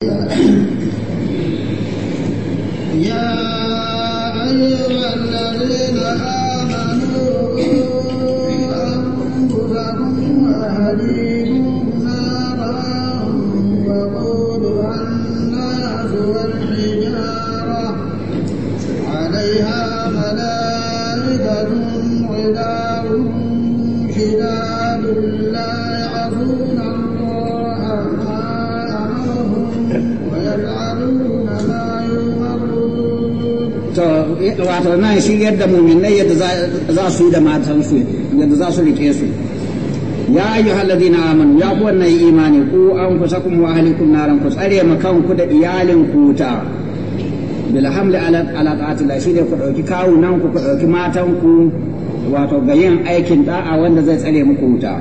嗯。wato shi yadda muminai yadda za su yi da matansu yadda za su rike su ya ayyuhal na amanu ya na wannan imani ku an kuma wa ahlikum naran ku tsare makanku da iyalin ku ta bil hamli ala ala ta'atila ku dauki kawunan ku ku dauki wato ga yin aikin da'a wanda zai tsare muku wuta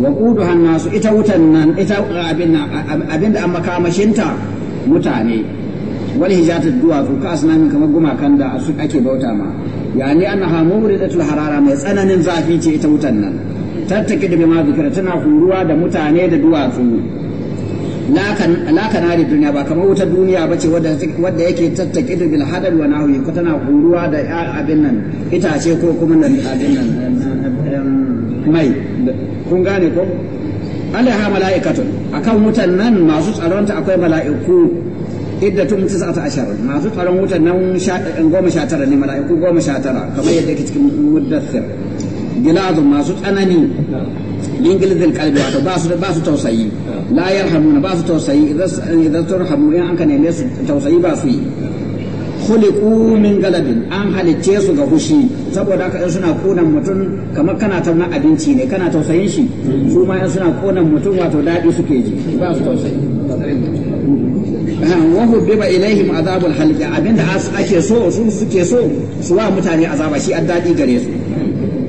wa quduhan nasu ita wutan nan ita abin abin da an makamashinta mutane wal hijatat duwatsu ka asnamin kamar gumakan da su ake bauta ma yani annaha muridatul harara mai tsananin zafi ce ita wutan nan tattake da bima zikira tana huruwa da mutane da duwatsu la da duniya ba kamar wuta duniya ba ce wadda yake tattake da bil hadar wa nahu ko tana huruwa da abin nan itace ko kuma nan abin nan mai kun gane ko alaiha mala'ikatun akan wutan nan masu tsaronta akwai mala'iku idda tun iddatun a ashar masu tsaron wutar nan eh, goma sha tara ne mala'iku goma sha tara kamar yadda ke cikin muddathir gilazun masu tsanani min kalbi wato ba su ba su tausayi la yarhamuna ba su tausayi idan idan turhamu in an ka neme su tausayi ba su yi khuliqu min galabin an halicce su ga hushi saboda haka in suna konan mutum kamar kana tauna abinci ne kana tausayin shi su ma in suna konan mutum wato daɗi suke ji ba su tausayi wahu biba ilaihim azabul halqi abinda ake so suke so su wa mutane azaba shi addadi gare su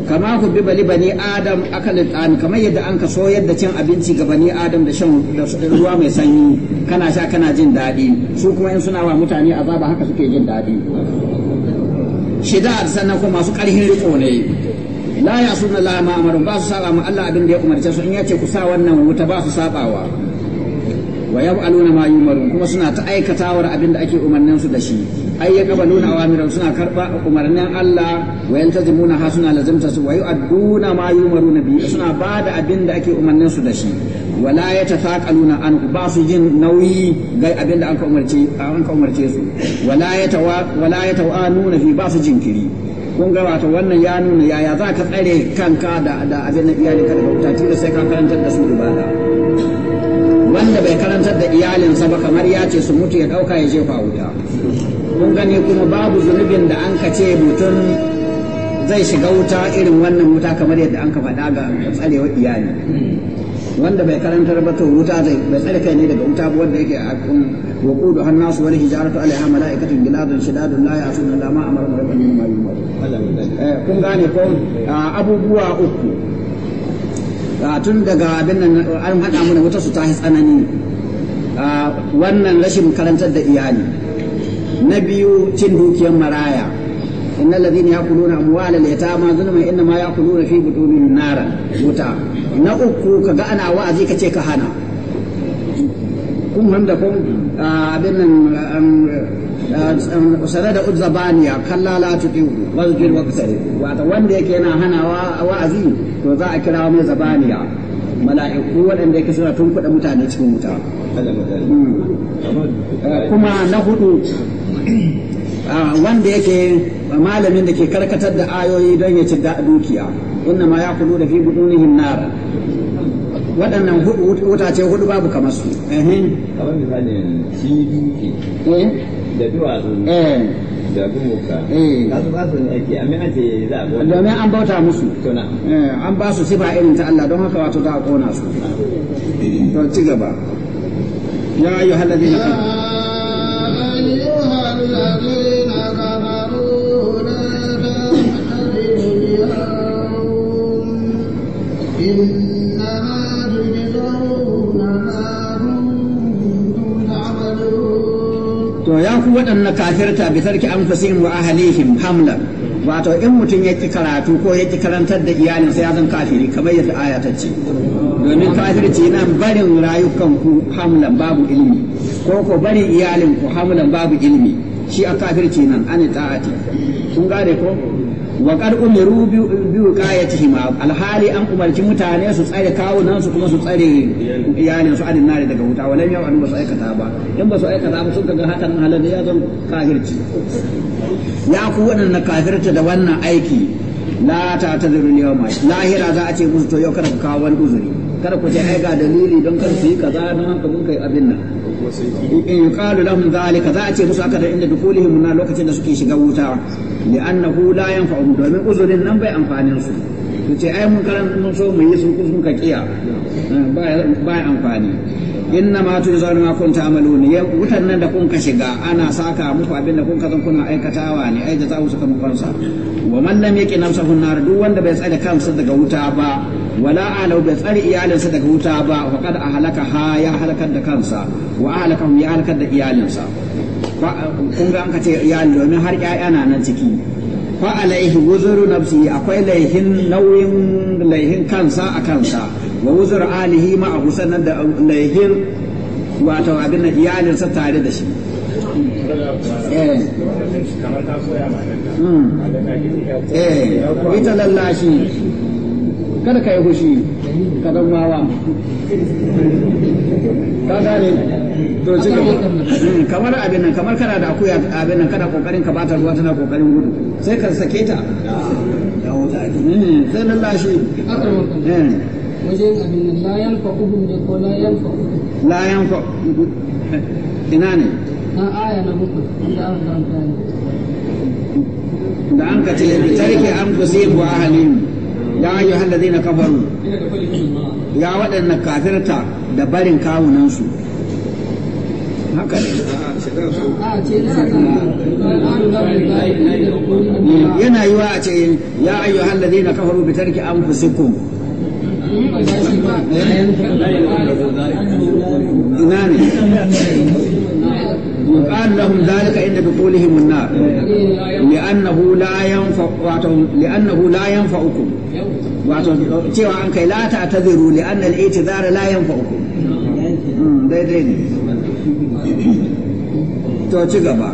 kama ku biba li bani adam akalit an kamar yadda an ka so yadda cin abinci ga bani adam da shan ruwa mai sanyi kana sha kana jin daɗi su kuma in suna wa mutane azaba haka suke jin daɗi shida sannan kuma masu karhin riko ne la ya sunna la ma amaru ba su saba ma Allah abin da ya umarce su in yace ku sa wannan wuta ba su sabawa wa yab'aluna ma yumarun kuma suna ta aikatawar abin da ake umarnin su da shi ai ya qabaluna awamiran suna karba umarnin Allah wa yaltazimuna ha suna lazimta su wa yu'adduna ma yumarun bi suna bada abin da ake umarnin su da shi wala yatathaqaluna an ba su jin nauyi ga abin da aka umarce an ka umarce su wala yatawa wala yatawanuna fi ba su jinkiri kun ga wato wannan ya nuna yaya za ka tsare kanka da abin da iyali ka da bauta tilo sai ka karantar da su ibada wanda bai karantar da iyalinsa ba kamar ya ce su mutu ya ɗauka ya jefa wuta mun gani kuma babu zunubin da an ka ce mutum zai shiga wuta irin wannan wuta kamar yadda an ka faɗa ga tsarewa iyali wanda bai karantar ba to wuta zai bai tsare kai ne daga wuta ba wanda yake a kun waqudu hannasu wani hijaratu alaiha mala'ikatu giladun shidadun la ya'suna la ma amara rabbihim ma eh, kun gane ko ah, abubuwa uku Ah, tun daga abin nan an haɗa mana wata su ta tsanani ah, wannan rashin karantar da iyali na biyu cin dukiyar maraya inna ya yakuluna amwala al-yatama zulma inna ma yakuluna fi butunihim nara wuta na uku kaga ana wa'azi kace ka hana kun da kun ah, abin nan um, sare da uzabaniya kalla la wajen wazjir waqtari wato wanda yake yana hanawa wa'azi to za a kira mai zabaniya mala'iku waɗanda yake suna tun kuɗa mutane cikin wuta hmm. kuma na hudu wanda yake malamin da ke karkatar da ayoyi don ya ci dukiya inna ma ya kudu da fi budunihim nara waɗannan wuta ce hudu babu kamar su kamar shi duki eh? da duwatsu da eh. gumuka eh. kasu kasu ne ake amma ce za a gona domin an bauta musu eh, an ba su sifa irin ta Allah don haka wato ta kona su to ci gaba ya ayyuhal ladina to ya ku waɗannan kafirta bi tarki anfusihim wa ahlihim hamla wato in mutum ya ki karatu ko ya ki karantar da iyalin iyalinsa ya zan kafiri kamar yadda aya ta ce domin kafirci nan barin rayukan ku hamlan babu ilimi ko ko barin iyalinku ku hamlan babu ilimi shi a kafirci nan an ta'ati sun gane ko wa qad umiru bi al hali an umarci mutane su tsare kawunan su kuma su tsare iyalin su adin nare daga wuta wala yau an ba su aikata ba in ba su aikata ba sun kaga hakan halal ya zan kafirci ya ku wannan kafirta da wannan aiki la ta tadiru ma lahira za a ce musu to yau kada ku kawo wani uzuri kada ku ce ai ga dalili don kar su yi kaza don haka mun kai abin nan in yuqalu lahum zalika za a ce musu aka da inda dukulihim na lokacin da suke shiga wuta li'annahu la yanfa'uhum domin uzurin nan bai amfanin su to ce ai mun karanta mun so mu yi su kun ka kiya ba ya amfani inna ma tu zanu ma kun ta'maluni ya wutan nan da kun ka shiga ana saka muku abin da kun ka zan kuna aikatawa ne ai da za su kan kansa wa man lam yaqi nafsahu nar duk wanda bai tsare kansa daga wuta ba wala ala bai tsare iyalinsa daga wuta ba faqad ahlaka ha ya halakar da kansa wa ahlakahum ya halakar da iyalinsa kun ga an ka ce iyali domin har ƴaƴa na nan ciki fa alaihi wuzuru nafsi akwai laihin nauyin laihin kansa a kansa wa wuzur alihi ma a sannan da laihin wato abin iyalinsa tare da shi eh, hmm. eh. ita lallashi kada ka yi hushi ka dan wawa ka gane to ci gaba mm, kamar abin nan kamar kana da akuya abin nan kana kokarin ka bata ruwa tana kokarin gudu sai ka sake ta mm, sai lallashi mm. wajen abin la yanfa ne ko ina ne na aya na wanda da an ka ce tarki an a halin ya ayyuhal ladina kafaru ya waɗannan kafirta da barin kawunan su haka ne yana yiwa a ce ya ayyuhal ladina kafaru bi tarki anfusikum ina ne وقال لهم ذلك عند دخولهم النار لأنه لا ينفع لأنه لا ينفعكم cewa an kai la ta taziru li anna al-i'tizara la yanfa'ukum daidai ne to ci gaba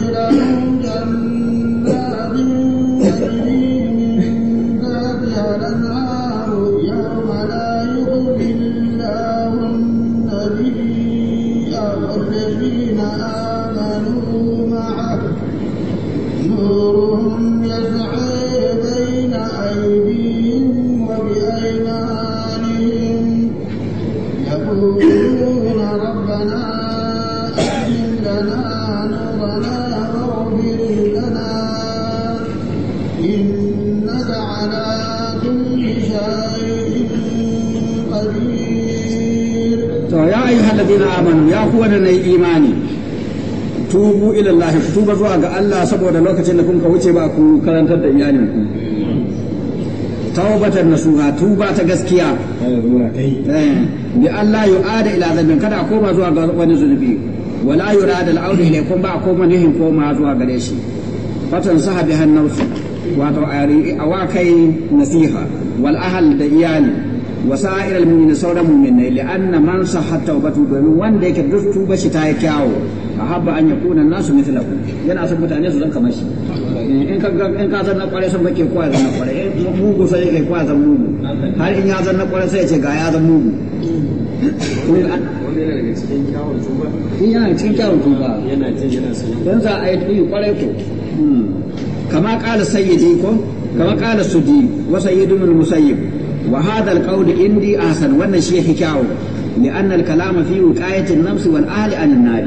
alladhina amanu ya ku wadanda yi imani tubu ila Allah ku tuba zuwa ga Allah saboda lokacin da kun ka wuce ba ku karantar da iyalin ku tawbatan nasuha tuba ta gaskiya eh, bi Allah yu'ada ila zambin kada a koma zuwa ga wani zunubi wala yurada al-audu kun ba a koma nihin koma zuwa gare shi fatan sahabi hannausu wato a wa kai nasiha wal ahal da iyali wa sa'ir al-mu'minin sauran mu'minai li'anna man sahhat tawbatu domin wanda yake duk tuba shi ta yi kyawo ahabba an yakuna nasu ku yana son mutane su zan kamar shi in ka in ka zanna kware san kake kwa zanna kware mugu sai kai kwa zan mugu har in ya zanna kware sai ya ce ga ya zan mugu yana cikin kyawun tuba yana cikin tuba yana son dan za a yi kware ko kama kala sayyidi ko kama kala sudi wa sayyidul musayyib وهذا القول عندي أحسن وأن الشيء حكاو لأن الكلام في وقاية النفس والأهل عن النار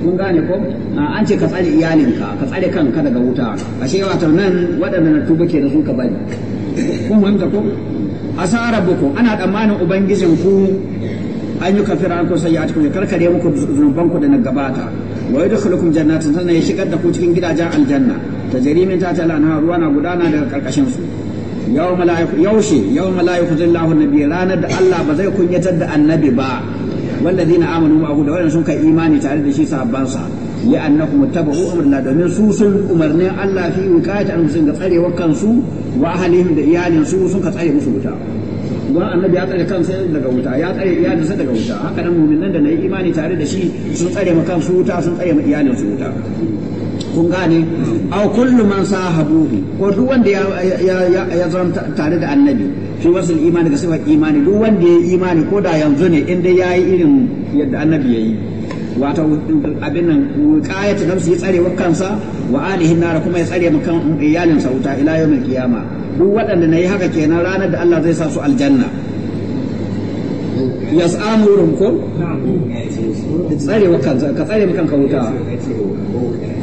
kun gane ko an ce ka tsare iyalinka ka tsare kanka daga wuta ashe wato nan waɗanda na tuba ke da su ka bari kun wanda ko asara buku ana tsammanin ubangijin ku an yi kafira an kusa ya cikin karkare muku zunuban ku da na gabata wai wa yadkhulukum jannatin sannan ya shigar da ku cikin gidajen aljanna tajrimin ta ta lanha ruwa na gudana daga karkashin su yawma la yaushe yawma la yufzillahu nabi ranar da Allah ba zai kunyatar da annabi ba والذين امنوا معه da wannan sun kai imani tare da shi sahabban sa ya annakum tabu umrna domin su sun umarni Allah fi wikayati an sun ga tsarewa kansu wa ahlihim da iyalin su sun ka tsare musu wuta don annabi ya tsare kansa daga wuta ya tsare iyalin sa daga wuta haka nan mu'minan da na yi imani tare da shi sun tsare ma kansu wuta sun tsare ma iyalin su wuta kun gane a kullum man sahabuhu ko duk wanda ya ya tare da annabi fi wasul imani ga sifar imani duk wanda ya yi imani ko da yanzu ne in dai yayi irin yadda annabi yayi wato abin nan wiqayatu nafsi ya tsare wa kansa wa alihi nar kuma ya tsare makan iyalin sa wuta ila yawmil qiyama duk waɗanda na yi haka kenan ranar da Allah zai sa su aljanna ya yas'amurum ko tsare wa ka tsare makan kawuta wuta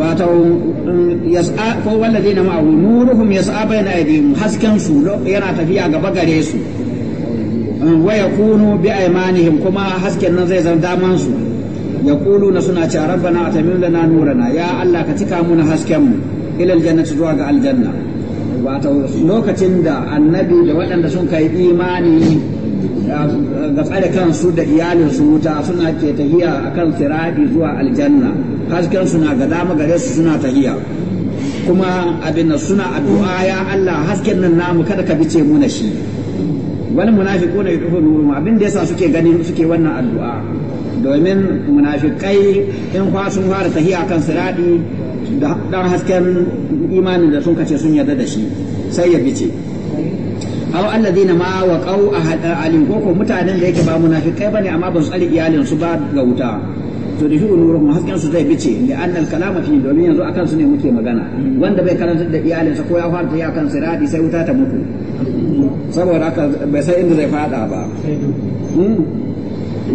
wato eh, yas'a ko wallazi na ma'ahu nuruhum yas'a bayna aydihim hasken su yana tafiya gaba gare su eh, wa yakunu bi aymanihim kuma hasken nan zai zama daman su na suna ce rabbana atamim lana nurana ya allah ka cika muna hasken mu ila aljannati zuwa ga aljanna wato lokacin da annabi da waɗanda sun kai imani ga tsare kansu da iyalinsu wuta suna ke tafiya a kan siradi zuwa aljanna hasken suna ga dama gare su suna tahiya kuma abin suna addu'a ya Allah hasken nan namu kada ka bice mu na shi wani munafiku ne yukufu nuru abin da yasa suke ganin suke wannan addu'a domin munafikai in fa sun fara tahiya kan siradi da dan hasken imanin da sun kace sun yarda da shi sai ya bice aw alladhina ma waqau ahad alim ko mutanen da yake ba munafikai ne amma ba su tsare iyalin su ba ga wuta to da shigo nuru hasken su zai bice mai annal kalama fi domin yanzu akan su ne muke magana wanda bai karanta da iyalinsa ko ya fara tafiya akan sirati sai wuta ta mutu saboda haka bai san inda zai fada ba hmm?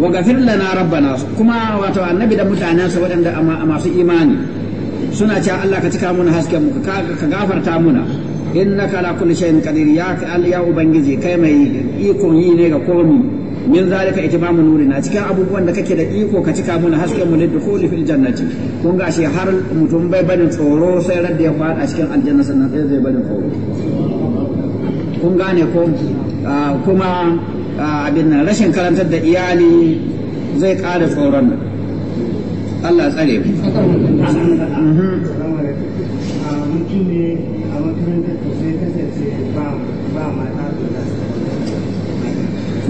wa gafir lana rabbana kuma wato annabi da sa waɗanda masu imani suna cewa Allah ka cika muna hasken mu ka gafarta muna innaka la kulli shay'in qadir ya ubangiji kai mai ikon yi ne ga komai min zalika itimamu nurina cikin abubuwan da kake da iko ka cika mana hasken mu lidukhuli fil jannati kun ga shi har mutum bai barin tsoro sai radda ya fada cikin aljanna sannan sai zai barin tsoro kun gane ko ah, kuma ah, abin nan rashin karantar da iyali zai ƙara tsoron nan Allah tsare mu mhm. ah, mutum ne a makarantar sai kasance ba mata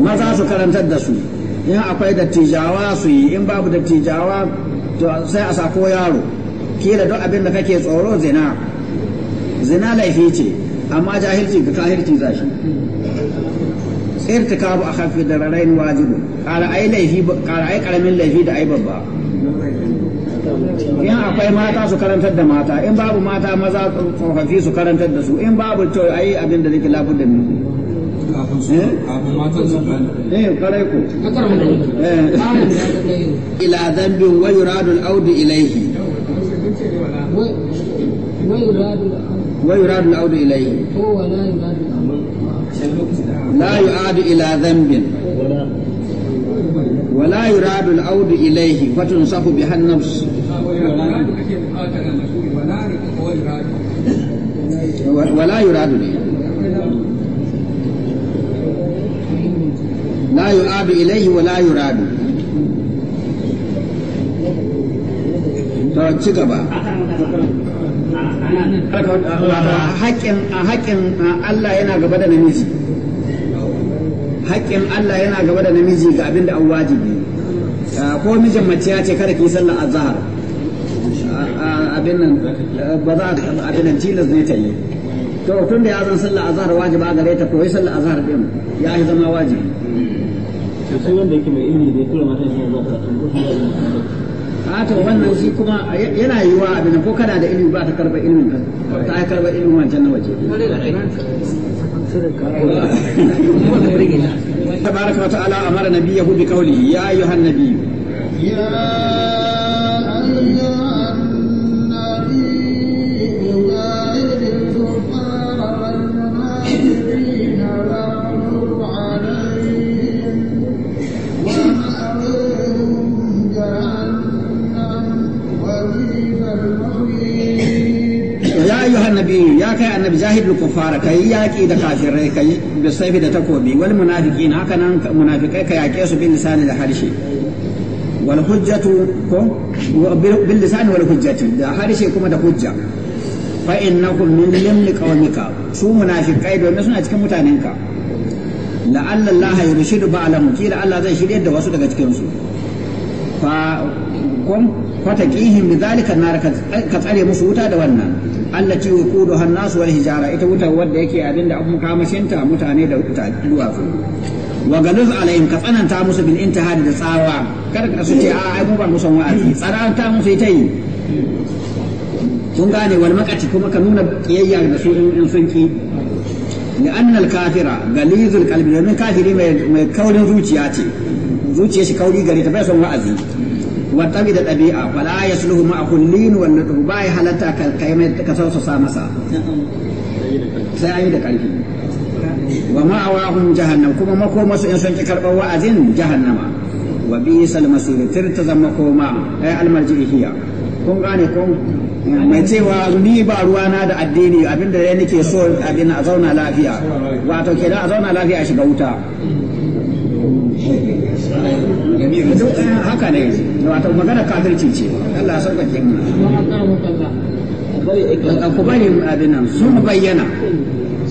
maza su karantar da su in akwai dattijawa su yi in babu dattijawa to sai a sako yaro kila duk abin da kake tsoro zina zina laifi ce amma jahilci ga kahirci za shi irtikabu a hafi da rarain wajibu ƙara ai laifi ƙaramin laifi da ai babba in akwai mata su karantar da mata in babu mata maza tsofaffi su karantar da su in babu to ai abin da nake labudin إيه؟ الى ذنب ويراد الأود اليه ويراد الأود اليه لا لا يعاد الى ذنب ولا يراد العود اليه فتنصف بها النفس ولا يراد اليه la yu'adu ilayhi wa la yuradu to ci gaba a haƙƙin Allah yana gaba da namiji haƙƙin Allah yana gaba da namiji ga abin da an wajibi ko mijin mace ya ce kada ki sallar azhar abin nan ba za abin nan tilas ne ta yi to tun da ya zan sallar azhar wajiba gare ta to yi sallar azhar din ya yi zama wajibi shi wanda yake mai ilimi ne tura matan shi zuwa a to wannan shi kuma yana yiwa abin ko kana da ilimi ba ta karba ilimin ka ta karba ilimin wancan na waje تبارك amara أمر نبيه بقوله يا أيها النبي يا ya ayyuhan nabiyyu ya kai annabi jahidul ka yi yaki da kafirai yi da saifi da takobi wal munafiqin haka nan munafikai ka yake su bil lisani da harshe wal hujjatu ko bil lisani wal hujjati da harshe kuma da hujja fa innakum min limli qawmika su munafikai domin suna cikin mutanenka la'alla Allah yurshidu ba'lamu kila Allah zai shirye da wasu daga cikin su fa kun kwata kihim bi zalika ka tsare musu wuta da wannan allati wukudu hannas wal hijara ita wuta wadda yake abinda an makamashinta mutane da wuta duwatsu wa galuz alaihim ka tsananta musu bil intihadi da tsawa kada ka suce a ai ba musan wa'azi tsananta musu ita yi kun gane wal makati kuma ka nuna kiyayya da su in sun ki لأن الكافر kafira galizul qalbi الكافر kafiri mai kaurin zuciya ce. shi kauri gari ta bai son wa'azi wattabi da ɗabi'a wala ya sulhu ma kullin wanda to ba ya halatta ka kai mai masa sai an yi da ƙarfi wa ma'awahum jahannam kuma makoma su in sun ki karɓar wa'azin jahannama wa bi sal masir tirta zama koma ai almarjihiyya kun gane kun mai cewa ni ba ruwa na da addini abinda ya nake so abin a zauna lafiya wato kenan a zauna lafiya a shiga wuta kabir duk eh, haka ne wato magana kafirci ce Allah ya sauƙaƙe mu ku bari abin nan sun bayyana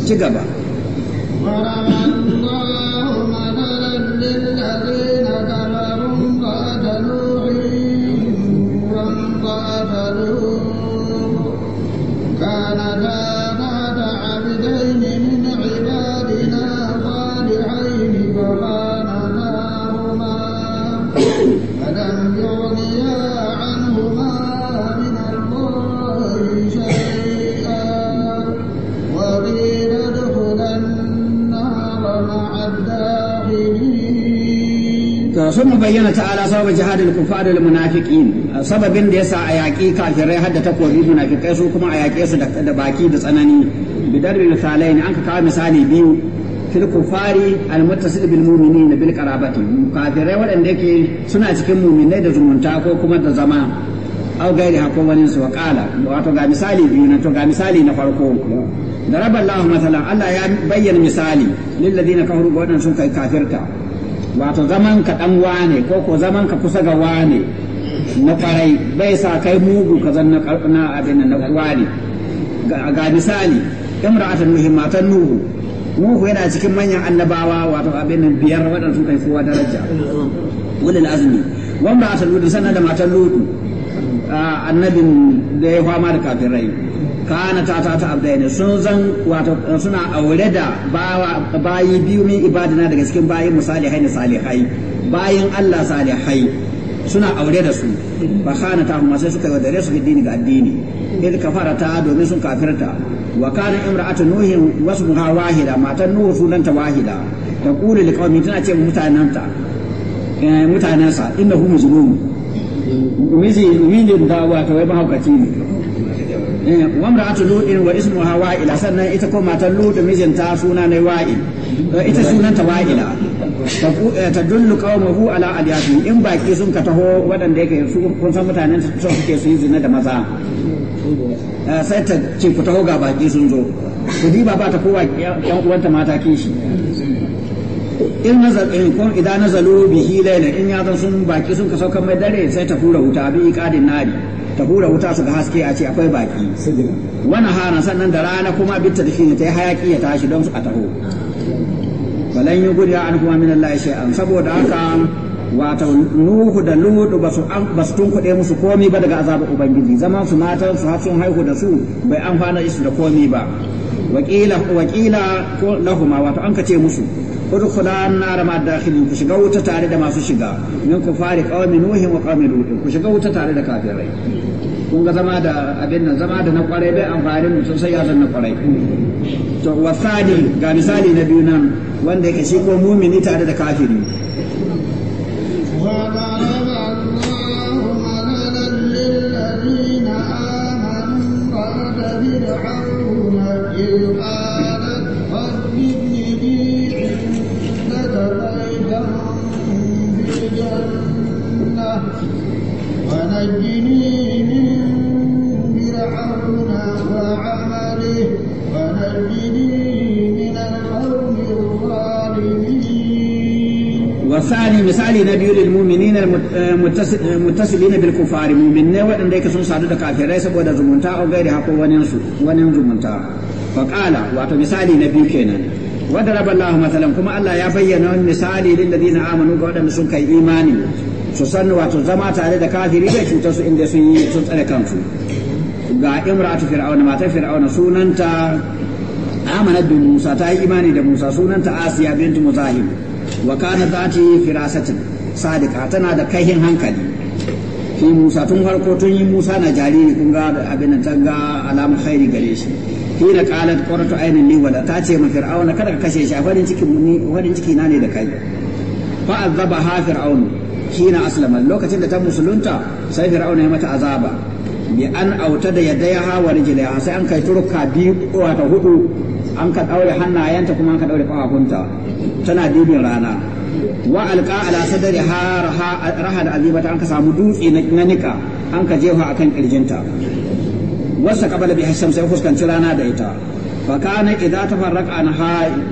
ci gaba sun bayyana ta'ala sababa jihadin kufar al munafiqin sababin da yasa a yaƙi kafirai hadda takobi munafikai su kuma a yaƙe su da baki da tsanani bidar misalai ne an ka kawo misali biyu fil kufari al muttasil bil mu'minin bil qarabati kafirai waɗanda yake suna cikin mu'minai da zumunta ko kuma da zama au gairi hakko wani su wa qala wato ga misali biyu na to ga misali na farko daraba Allah masalan Allah ya bayyana misali lilladina na ga wadannan sun kai kafirta wato zaman ka dan wane ko ko zaman ka kusa ga wane na farai bai sa kai mugu ka zan na abin na wane ga misali imra'atan muhimmatan nuhu nuhu yana cikin manyan annabawa wato abin nan biyar sun kai daraja ulul azmi wanda asalu sanan da matan lutu ah, annabin da ya fama da kafirai kana ta ta ta abdain sun zan wato suna aure da bayi biyu min ibadina daga cikin bayi musalihai ne salihai bayin Allah salihai suna aure da su Ba kana ta kuma sai suka yaudare su addini ga addini il kafarata domin sun kafirta wa kana imra'atu nuhin wasmuha wahida matan nuhu sunanta wahida taqulu liqaumi tana ce mutananta mutanansa eh, innahu mujnun miji mijin da wato wai mahaukaci ne Eh, wa wa wa'ila sannan ita ko matar lut mijinta suna ne wa'il eh, ita sunanta wa'ila ta eh, dullu ala in baki sun waɗanda yake san mutanen suke baki sun zo ba yan mata kishi in nazar in kun idan nazalu bihi laila in ya zan sun baki sun ka saukan mai dare sai ta fura wuta bi qadin nari ta hura wuta su ga haske a ce akwai baki wani hana sannan da rana kuma bitta da shine ta yi hayaki ya tashi don su a taho balan yi gudu an kuma min Allah an saboda haka wato nuhu da ludu basu tun tunkuɗe musu komi ba daga azabar ubangiji zaman su matan su har haihu da su bai amfana isu da komi ba wakila ko lahuma wato an kace musu udkhula an-nar ma ku shiga wuta tare da masu shiga min ku fari qaumi nuhin wa ku shiga wuta tare da kafirai kun ga zama da abin nan zama da na kwarai bai amfani mutum sai ya san na kwarai to wasadi ga misali na biyu nan wanda ya shi ko mumini tare da kafiri wasali misali na biyu lil mu'minina eh, eh, muttasilina bil mu'min ne waɗanda yake sun sadu da kafirai saboda zumunta ko gairi hako wani su wani zumunta fa qala wato misali na biyu kenan wadaraba Allahu masalan kuma Allah ya bayyana wani misali lil ladina amanu ga wadanda sun kai imani su san wato zama tare da kafiri zai cutar su inda sun yi sun tsare kansu ga imratu fir'auna matar fir'auna sunanta amanat bi Musa ta yi imani da Musa sunanta Asiya bintu Muzahim wa kana yi firasatin sadiqa tana da kaihin hankali fi Musa tun harko tun yi Musa na jariri kun ga abin ta ga alamun khairi gare shi da qalat qurratu aynin li wala ta ce ma fir'auna kada ka kashe shi a farin ciki farin ciki na ne da kai fa azaba ha fir'aun na aslama lokacin da ta musulunta sai fir'auna ya mata azaba bi an auta da yadaya ya wa rijliha sai an kai turka biyu wato hudu an ka ɗaure hannayenta kuma an ka ɗaure ƙafafunta tana dibin rana wa alƙa ala har ha raha da azibata an ka samu dutse na nika an ka jefa akan kirjinta wasa kabala bi hasham sai fuskanci rana da ita fa kana idza tafarraqa ha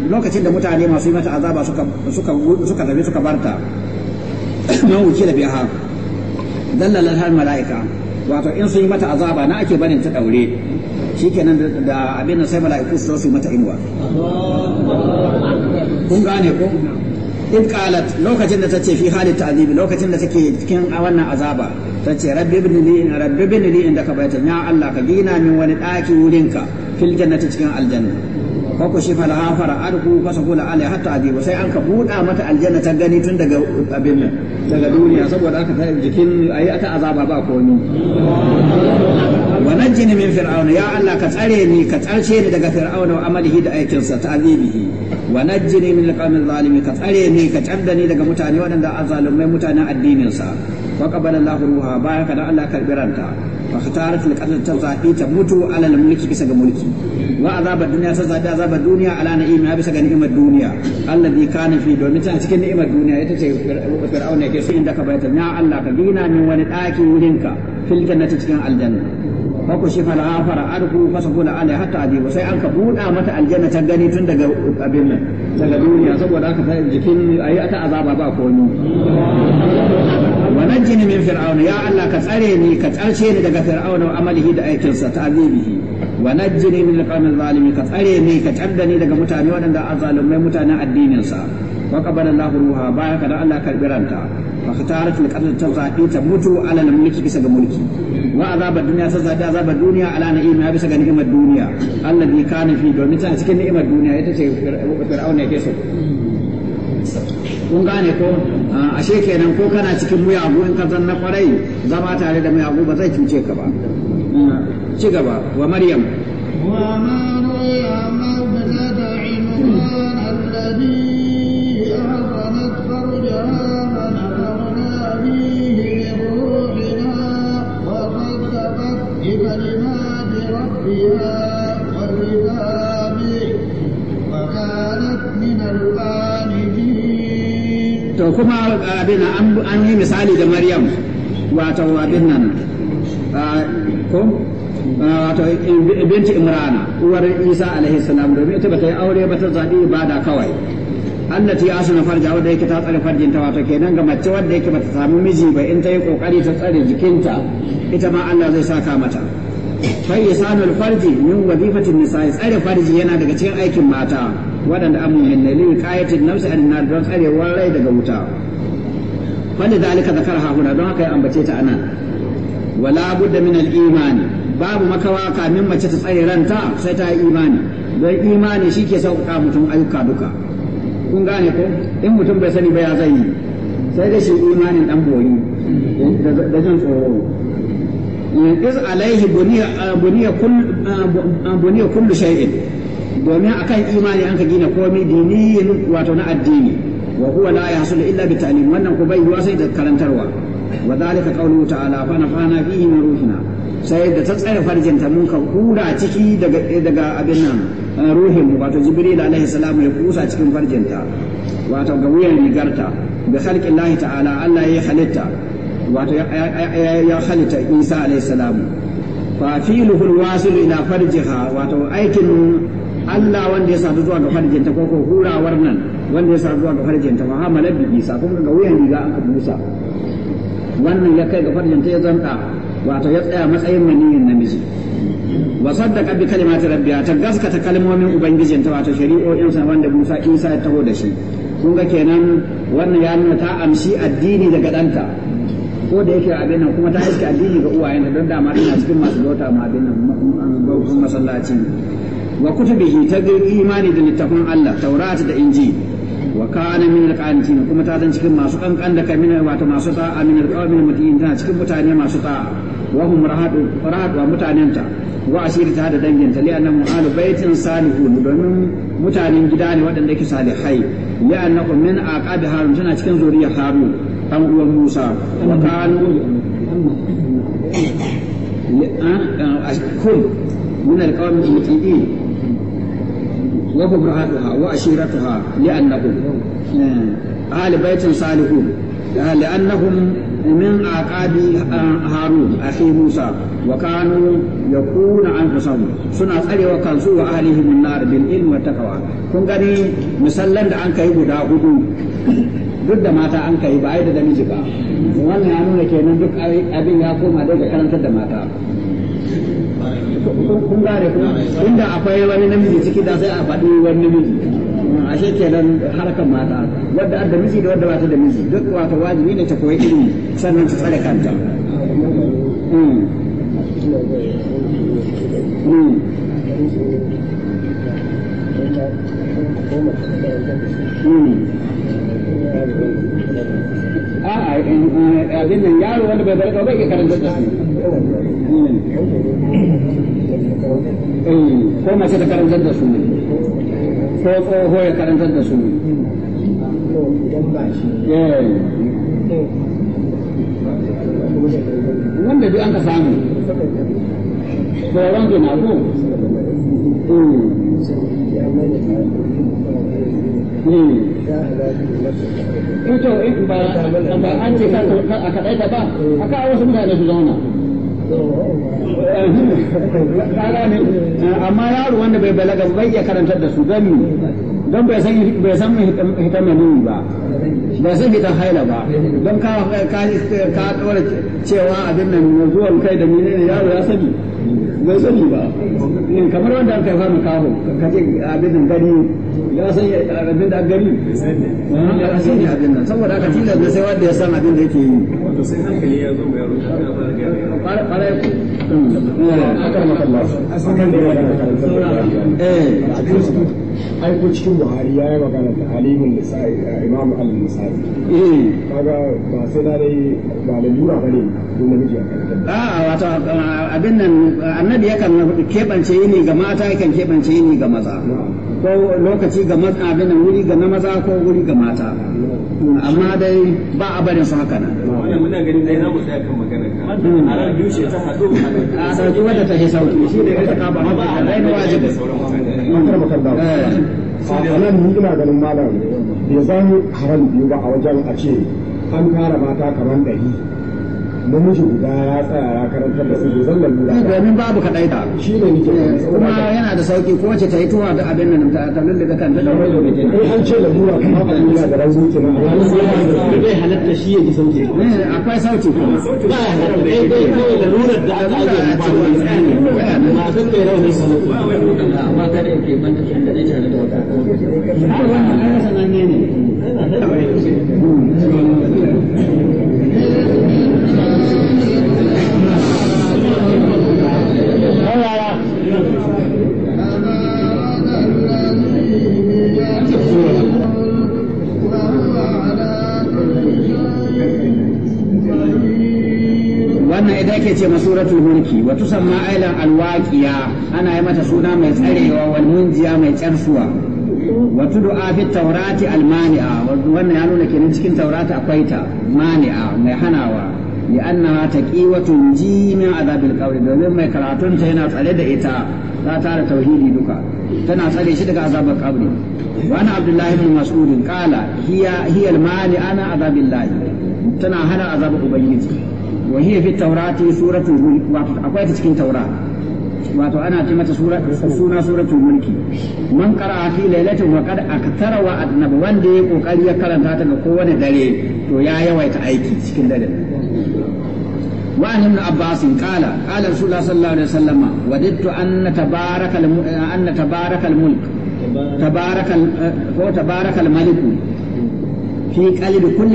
lokacin da mutane masu yi mata azaba suka suka suka suka barta na wuce da biha dallala har malaika wato in sun yi mata azaba na ake barin ta daure shi kenan da abin da sai mala'iku su su mata inuwa kun gane ko in qalat lokacin da tace fi halit ta'dib lokacin da take cikin wannan azaba tace rabbi ibn li rabbi ibn li indaka baytan ya Allah ka gina min wani daki wurinka fil jannati cikin aljanna ko ku shifa la fara arku fa saqula alai hatta adibu sai an ka buda mata aljanna ta gani tun daga abin nan daga duniya saboda aka ta jikin ayi aka azaba ba komai wa najjini min fir'auna ya Allah ka tsare ni ka tsarce ni daga fir'auna wa amalihi da aikinsa ta'zibihi wa najjini min alqawmi zalimi ka tsare ni ka tsarda ni daga mutane waɗanda azalumai mutanen addinin sa wa qabala Allah ruha bayan ka da Allah karbi ranta fa khatarat al ta zabi ta mutu ala mulki bisa ga mulki wa azabar duniya ta zabi azabar duniya ala na'ima bisa ga ni'imar duniya alladhi kana fi domin ta cikin duniya ita ce fir'auna yake so inda ka bayyana ya Allah ka gina min wani daki filta na ta cikin aljanna fa ku shifa al-afar arku fa sakula alai hatta adibu sai an ka buɗa mata aljanna ta gani tun daga abin nan daga duniya saboda aka ta jikin ayi ta azaba ba komi wa jini min fir'auna ya Allah ka tsare ni ka tsarce ni daga fir'auna wa amalihi da aikinsa ta'azibihi wa najjini min alqawmi zalimi ka tsare ni ka ni daga mutane waɗanda azalumai mutanen addinin sa wa qabala Allahu ruha baya ka da Allah karbi واختارت القرن تزاقي تموت على الملك بس ملكي وعذاب الدنيا تزاقي عذاب الدنيا على نعيمها بس نعيم الدنيا الذي كان في دومين تانا cikin ni'imar duniya ita ce fir'auna yake so kun gane ko a kenan ko kana cikin muyagu in ka zanna kwarai zama tare da muyagu ba zai cuce ka ba ci gaba wa maryam wa to kuma abin an yi misali da maryam wato abin nan ko wato binti imrana uwar isa alaihi salam domin ita bata yi aure ba ta zaɓi ibada kawai allati na farja wanda yake ta tsare farjin ta wato kenan ga mace wanda yake bata samu miji ba in ta yi kokari ta tsare jikinta ita ma Allah zai saka mata fa yasanul farji min wazifatin nisa'i tsare farji yana daga cikin aikin mata waɗanda an mu'min ne li qayatin nafsi an nar don tsarewar rai daga wuta wanda zalika zakar hahuna don haka ya ambace ta anan wala budda min al imani babu makawa kamin mace ta tsare ranta sai ta yi imani don imani shi ke sauƙaƙa mutum ayyuka duka kun gane ko in mutum bai sani ba ya zai yi sai da shi imanin dan boyi da jin tsoro iz alaihi buniya buniya kullu shay'in domin akan imani an ka gina komai diniyin wato na addini wa huwa la yahsul illa bi ta'lim wannan ko bai yiwa sai da karantarwa wa dhalika qawluhu ta'ala fa fana fihi min ruhina sai da ta tsaya farjinta mun ka hura ciki daga daga abin nan eh, ruhin wato jibril alaihi salam ya kusa cikin farjinta wato ga wuyan rigarta bi khalqillahi ta'ala Allah ya halitta wato ya halitta Isa alaihi salam fa filuhu alwasil ila farjiha wato aikin Allah wanda ya sadu zuwa ga farjinta ko ko hurawar nan wanda ya sadu zuwa ga farjinta fa bi isa kuma ga wuyan riga aka musa wannan ya kai ga farjinta ya zanta wato ya tsaya matsayin maniyin namiji wa saddaka bi kalimati rabbiya ta gaskata kalmomin ta wato shari'o'in sa wanda Musa Isa ya taho da shi kun ga kenan wannan ya nuna ta amshi addini daga danta ko da yake abin nan kuma ta iske addini ga uwayenta don dama tana cikin masu lota ma abin nan masallaci wa kutubihi ta imani da littafin Allah taurata da inji wa kana min alqanitin kuma ta zan cikin masu kankan da kai wato masu ta amin alqawmin mutiin tana cikin mutane masu ta wa hum rahadu rahadu wa ta wa asirta da danginta li annahum mu'alu baitin salihun domin mutanen gida ne waɗanda yake salihai li annahum min aqabi harun tana cikin zuriyar harun dan uwan musa wa kanu ah, ah, kun min alqawmin mutiin وبراءتها وأشيرتها لأنهم آل بيت صالحون لأنهم من عقاب هارون أخي موسى وكانوا يكون أنفسهم سنة ألي وكنسوا وأهلهم النار بالإلم والتقوى كن قدي مسلم عن كيب دا هدو duk da mata an kai ba da namiji ba wannan ya nuna kenan duk abin ya koma daga karantar da mata kun gane a inda akwai wani namiji ciki da sai a faɗi wani namiji ashe kenan harkar mata wadda adda miji da wadda bata da miji duk wato wajibi ne ta koyi ilimi sannan ta tsare kanta hmm. Hmm. Hmm. a'a eh, abin nan yaro wanda bai barka bai ke karanta ko mace ta karantar da su ne ko tsoho ya karantar da su ne wanda duk an ka samu tsoron ke na ko ba an ce ka a kaɗaita ba, a kawo wasu mutane su zauna. amma yaro wanda bai balaga bai ya karantar da su gani don bai san bai san hita manuni ba bai san hita haila ba don ka ka ka kawar cewa abin nan zuwan kai da ne yaro ya sani bai sani ba eh, kamar wanda aka fara kawo ka ce abin nan gani ya san abin da gari ya san abin nan saboda ka tilas da sai wanda ya san abin da yake yi sai hankali ya zo mai yaro na mai fara ya eh. a kan a da ya eh. ai ko cikin buhari ya yi magana da halimin nisa'i eh, imam al-nisa'i eh kaga ba sai na dai ba lalura bane don namiji ya karanta a ah, wato eh, abin nan annabi ya kan kebance yini ga mata ya kan kebance yini ga maza ko lokaci ga maza abin nan wuri ga na maza ko wuri ga mata amma dai ba a barin su haka nan wannan muna gani dai za mu tsaya kan magana ka hmm. a ran biyu ce ta hadu a sauki wadda ta ke sauki shi ne ya ta kaba ba a dai wajibi sauran a nan ni ina ganin malam bai zan haram biyu ba a wajen a ce an kara mata kamar ɗari namiji guda ya tsaya ya karantar da su zan zallar guda domin babu kadai da shi ne nake kuma yana da sauki ko wace ta yi tuwa da abin nan ta tabbin da kanta da wani ne in an ce lalura kuma ba lalura da rauni ke nan bai halatta shi ya ji sauki akwai sauki kuma ba halatta dai dai kawai lalurar da aka aje ba wani Ba san mai rauni amma kada yake banta shi da zai tare da wata Ba sananne ne ake ce ma suratul mulki wa tusamma ailan alwaqiya ana yi mata suna mai tsarewa wal munjiya mai tsarsuwa wa tud'a fi tawrati almani'a wannan ya nuna kenan cikin taurati akwai ta mani'a mai hanawa li'annaha taqiwatun ji jimin azabil qabr domin mai karatun ta yana tsare da ita ta tara tauhidi duka tana tsare shi daga azabar qabri wa ana abdullahi ibn mas'ud qala hiya hiya almani'a ana tana hana azabar ubangiji wa hiya fi taurati suratul mulk wato akwai ta cikin taura wato ana ce mata suna suratul mulki man qara'a fi lailatin wa qad akthara wa wanda ya kokari ya karanta ta ga kowane dare to ya yawaita aiki cikin dare وعن ابن عباس قال قال رسول الله صلى الله عليه وسلم وددت أن تبارك أن تبارك الملك تبارك هو تبارك الملك في قلب كل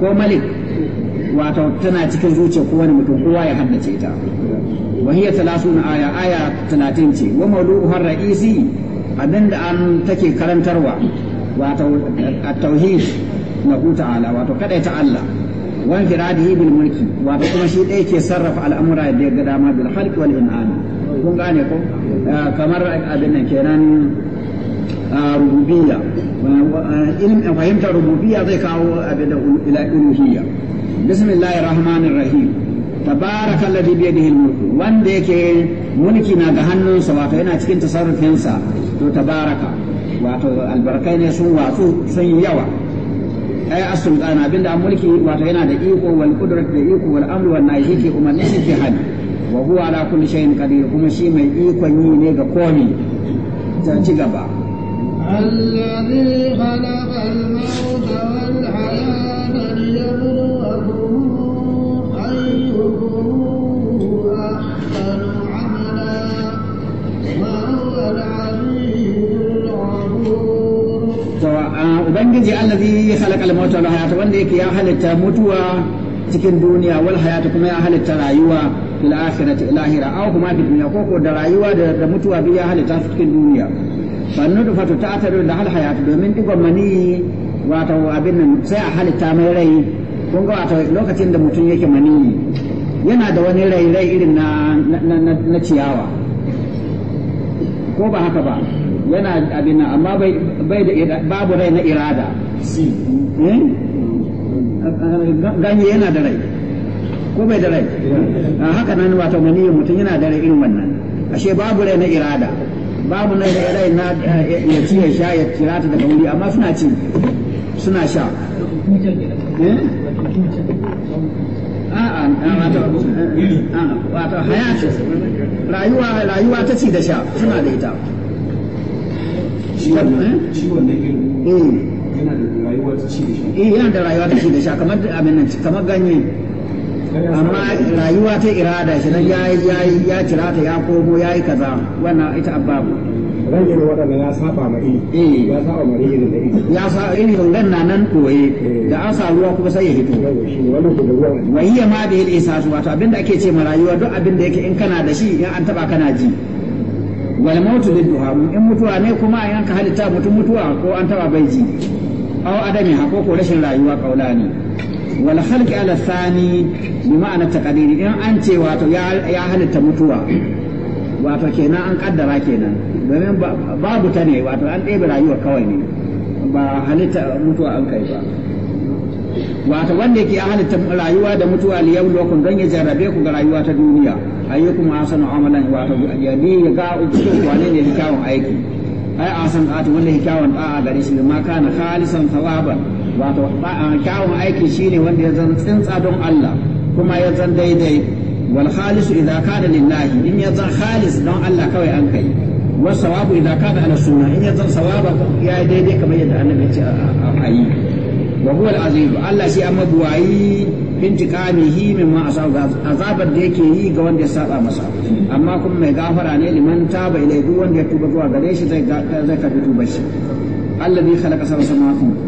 ko malik wato tana cikin zuciya ko wani mutum kowa ya haddace ta wa hiya talasun aya aya 30 ce wa har ra'isi abinda an take karantarwa wato at-tauhid ku ta'ala wato kadai ta Allah wa firadihi bil mulki wato kuma shi dai ke sarrafa al'amura da ya ga dama bil khalqi wal in'am kun gane ko ah, kamar abin nan kenan ah, rububiyya ilm fahimtar rububiyya zai kawo abin da ila uluhiyya bismillahir rahmanir rahim tabaraka alladhi bi yadihi mulku wanda yake mulki na ga hannunsa wato yana cikin tasarrufinsa to tabaraka wato albarkai ne sun watsu sun yi yawa ai as-sultan abinda an mulki wato yana da iko wal qudrat da iko wal amru wan nahi yake umarni shi ke hali wa huwa ala kulli kuma shi mai ikon yi ne ga komai ta ci gaba الذي خلق الموت والحياة ليبلوكم أيكم أحسن Ubangiji allazi khalaqa al-mauta hayata wanda yake ya halitta mutuwa cikin duniya wal hayata kuma ya halitta rayuwa fil akhirati lahira aw kuma fi ko da rayuwa da mutuwa biya halitta cikin duniya sannu da fatu ta ataru da hal hayatu domin digon mani wato abin nan sai a halitta mai rai kun ga wato lokacin da mutum yake mani yana da wani rai rai irin na ciyawa ko ba haka ba yana abin nan amma bai da babu rai na irada ganye yana da rai ko bai da rai haka nan wato mani mutum yana da rai irin wannan ashe babu rai na irada babu na da irai na ya ci ya sha ya kira ta daga wuri amma suna ci suna sha eh? wato hayati rayuwa rayuwa ta ci da sha suna da ita ciwon eh? eh. yana da rayuwa ta ci da sha yana da rayuwa ta ci da sha kamar ganye amma rayuwa ta irada shi nan ya yi ya cira ta ya komo ya yi kaza wannan ita ababu rangin waɗanda ya saba ma iri eh. ya saba ma iri da iri ya saba iri ran na nan koye eh. da an sa ruwa kuma sai ya fito wa ya ma da yil su wato abinda ake ce ma rayuwa duk abinda yake in kana da shi in an taba kana ji wal mautu lidduha in mutuwa ne kuma a yanka halitta mutum mutuwa ko an taba bai ji aw adami ha ko rashin rayuwa kaula ne wal khalqi ala thani bi ma'ana taqdiri in an ce wato ya halitta mutuwa wato kenan an kaddara kenan domin babu ta ne wato an ɗebe rayuwa kawai ne ba halitta mutuwa an kai ba wato wanda yake halitta rayuwa da mutuwa li yau lokun don ya jarrabe ku ga rayuwa ta duniya ayyukum ahsanu amalan wato yadi ya ga ku wane ne kyawun aiki ai ahsan atu wanda kyawun da'a gare shi ma kana khalisan thawaban wato kyawun aiki shine wanda ya zan tsintsa don Allah kuma ya zan daidai wal khalisu idza kana lillahi in ya zan khalis don Allah kawai an kai wa sawabu idza kana ala sunna in ya zan sawaba ya daidai kamar yadda annabi ya ce a yi wa huwa al aziz Allah shi amma buwayi intiqamihi mimma asaba azabar da yake yi ga wanda ya saba masa amma kuma mai gafara ne liman taba ilai duk wanda ya tuba zuwa gare shi zai zai karbi tubar shi alladhi khalaqa sab'a samawati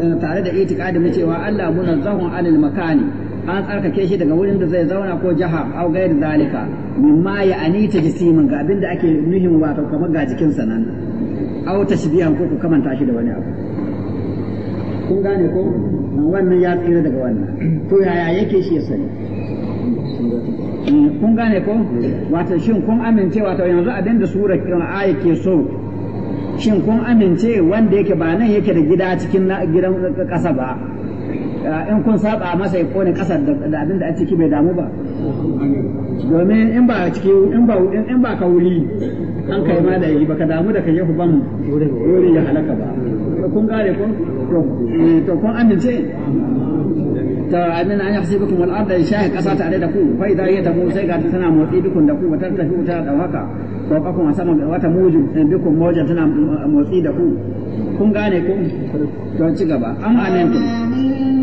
Eh, tare da itikadin na cewa Allah zahun anil makani an tsarkake shi daga wurin da zai zauna ko jaha au gaida zalika mimma ya anita jisimin ga abinda ake nuhin wato kamar ga jikinsa nan au tashbihan ko ku kamanta shi da wani abu kun gane ko wannan ya tsira daga wannan to yaya yake shi ya sani kun gane ko wato shin kun amince wato yanzu abin da sura aya ke so shin kun amince wanda yake ba nan yake da gida cikin na gidan kasa ba eh, in kun saba masa ya kone kasar da abin da a ciki bai damu ba domin in ba ciki in ba in ba ka wuri an kai ma da yi baka damu da kai ban wuri ya halaka ba kun gane ko eh, to kun amince ta amin an yahsibukum wal arda shahi kasa tare da ku fa idza hiya tamu sai ga tana motsi bikun da ku wa tartafi ta da haka ko ka kuma sama wata muju bikun mawjan tana motsi da ku kun gane ku to ci gaba amma amintum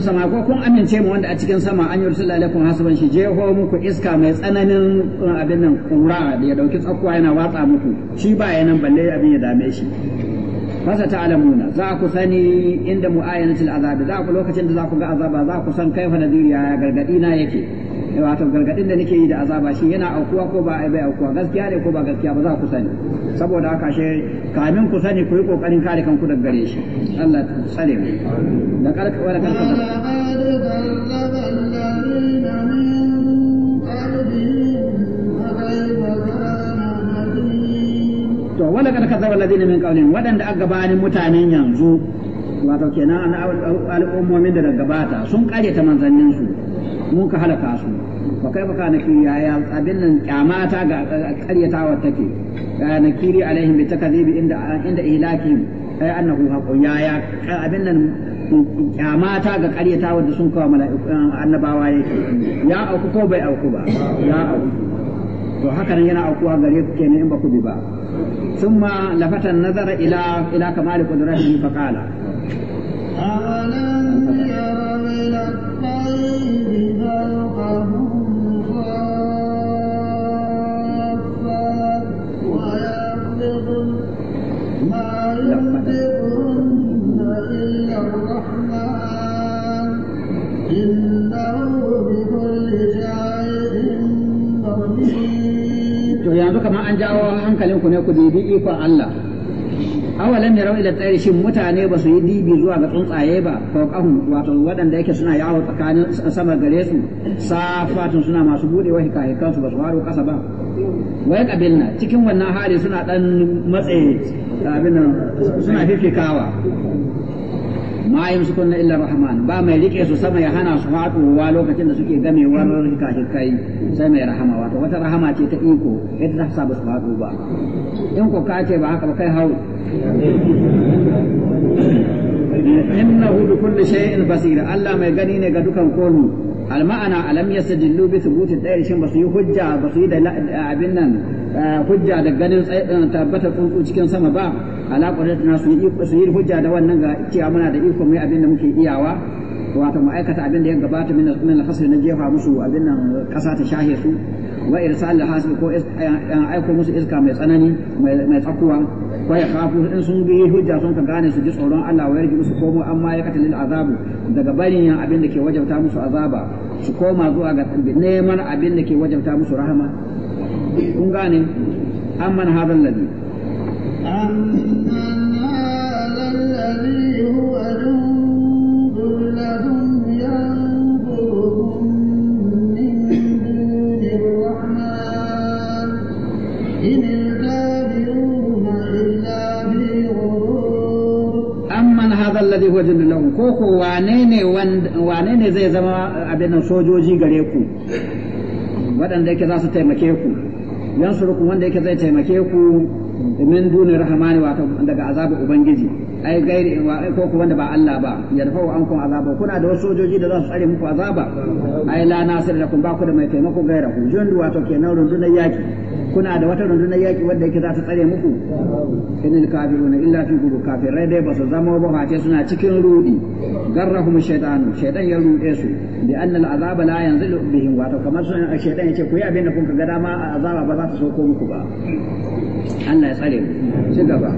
min sama ko kun amince mu wanda a cikin sama an yursila alaikum hasuban shi jeho muku iska mai tsananin uh, abin nan kura da ya dauki tsakkuwa yana watsa muku shi ba ya nan balle abin ya dame shi fasa alamuna za ku sani inda mu'ayanatul azabi za ku lokacin da za ku ga azaba za ku san kaifa nadiriya gargadi na yake wato gargadin da nake yi da azaba shi yana aukuwa ko ba bai aukuwa gaskiya ne ko ba gaskiya ba za ku sani saboda haka shi kamin ku sani ku yi kokarin kare kanku daga gare shi Allah tsare mu da karka wa to wala kada kaza walladina min qawlin wadanda aka gabanin mutanen yanzu wato kenan al'ummomin da gabata sun kare ta manzannin su mun ka halaka su fa kai baka na kiri ya abin nan kyamata ga karyatawa take na kiri alaihim bi takdhibi inda inda ilakihim ay annahu haqqun ya ya abin nan kyamata ga karyatawa da sun kawo mala'ikun annabawa yake ya auku ko bai auku ba ya auku to haka nan yana aukuwa gare ku kenan in ba ku bi ba ثم لفت النظر الى الى كمال قدرته فقال to yanzu kamar an jawo hankalinku ne ku dubi ikon Allah awalan yarau ila tsayri shin mutane ba su yi dibi zuwa ga tsuntsaye ba kahun wato waɗanda yake suna yawo tsakanin sama gare su safatun suna masu bude wa hikayen su ba su waro kasa ba wai kabilna cikin wannan hali suna dan matse abin suna fifikawa ma yamsukun illa rahman ba mai rike su sama ya hana su haɗuwa lokacin da suke gamewar kai sai mai rahama wato wata rahama ce ta iko ita ta sa ba su haɗu ba in ko ka ce ba haka ba kai hau innahu bi kulli shay'in basira Allah mai gani ne ga dukan komai المعنى ألم يستدلوا بثبوت الدائر شن بس يحجة بس لا أبن نان حجة دقن تبت القنقو تكن سما با على قررتنا سنير حجة دوان نغا اتعامنا دقيقكم يا أبن نمكي إياوا wato ma'aikata abin da ya gabata min min al-hasr na jefa musu abin nan kasa ta shahe su wa irsal al-hasr ko aiko musu iska mai tsanani mai tsakuwa ko ya kafu in sun bi hujja sun ka gane su ji tsoron Allah wa yarji musu komo amma ya katalil azabu daga barin abin da ke wajabta musu azaba su koma zuwa ga neman abin da ke wajabta musu rahama kun gane amman hadal ladhi wajen jundun ko ko wane ne zai zama abin sojoji gare ku waɗanda yake za su taimake ku yan surukun wanda yake zai taimake ku min duni rahmani wato daga azabu ubangiji ai gairi ko ku wanda ba Allah ba wa ankum azaba kuna da wasu sojoji da za su tsare muku azaba ai la nasir lakum ba ku da mai taimako gairahu jundu wato kenan rundunar yaki kuna da wata rundunar yaƙi wadda yake za ta tsare muku inil kafiruna illa fi gudu kafirai dai ba su zama ba face suna cikin rudi garrahum shaytanu shaytan ya rude su bi anna al azab la yanzilu bihim wato kamar sun eh, shaytan ce ku yi abin da kun ga dama azaba ba za ta sauko muku ba Allah ya tsare mu ci gaba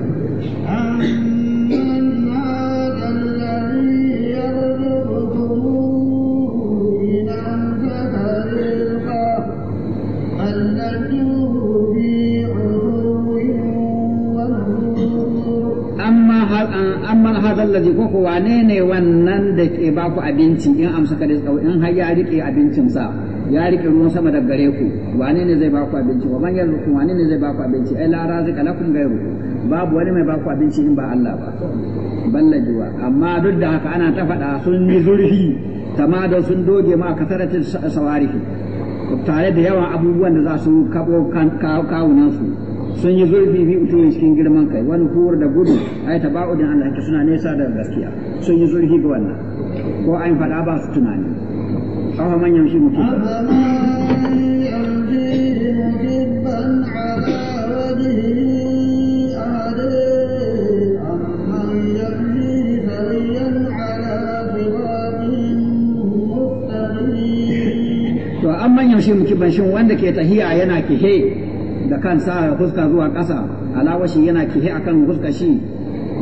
hadha alladhi ko ko wane ne wannan da ke ba ku abinci in amsa ka rizqa in har ya rike abincin sa ya rike ruwan sama da gare ku wane ne zai ba ku abinci wa man yarzuqu wane ne zai ba ku abinci ai la razika lakum ghayru babu wani mai ba ku abinci in ba Allah ba ballajuwa amma duk da haka ana ta faɗa sun yi zurfi da sun doge ma kasaratin sawarihi tare da yawan abubuwan da za su kabo su. sun yi zurfi bi utuwin cikin girman kai wani kuwar da gudu ai taba'udin Allah ke suna nesa da gaskiya sun yi zurfi ga wannan ko an faɗa ba su tunani kawai manyan shi mutum to an manyan shi mutum shin wanda ke tahiya yana kihe da kansa fuska zuwa ƙasa alawashi yana kihe akan fuska shi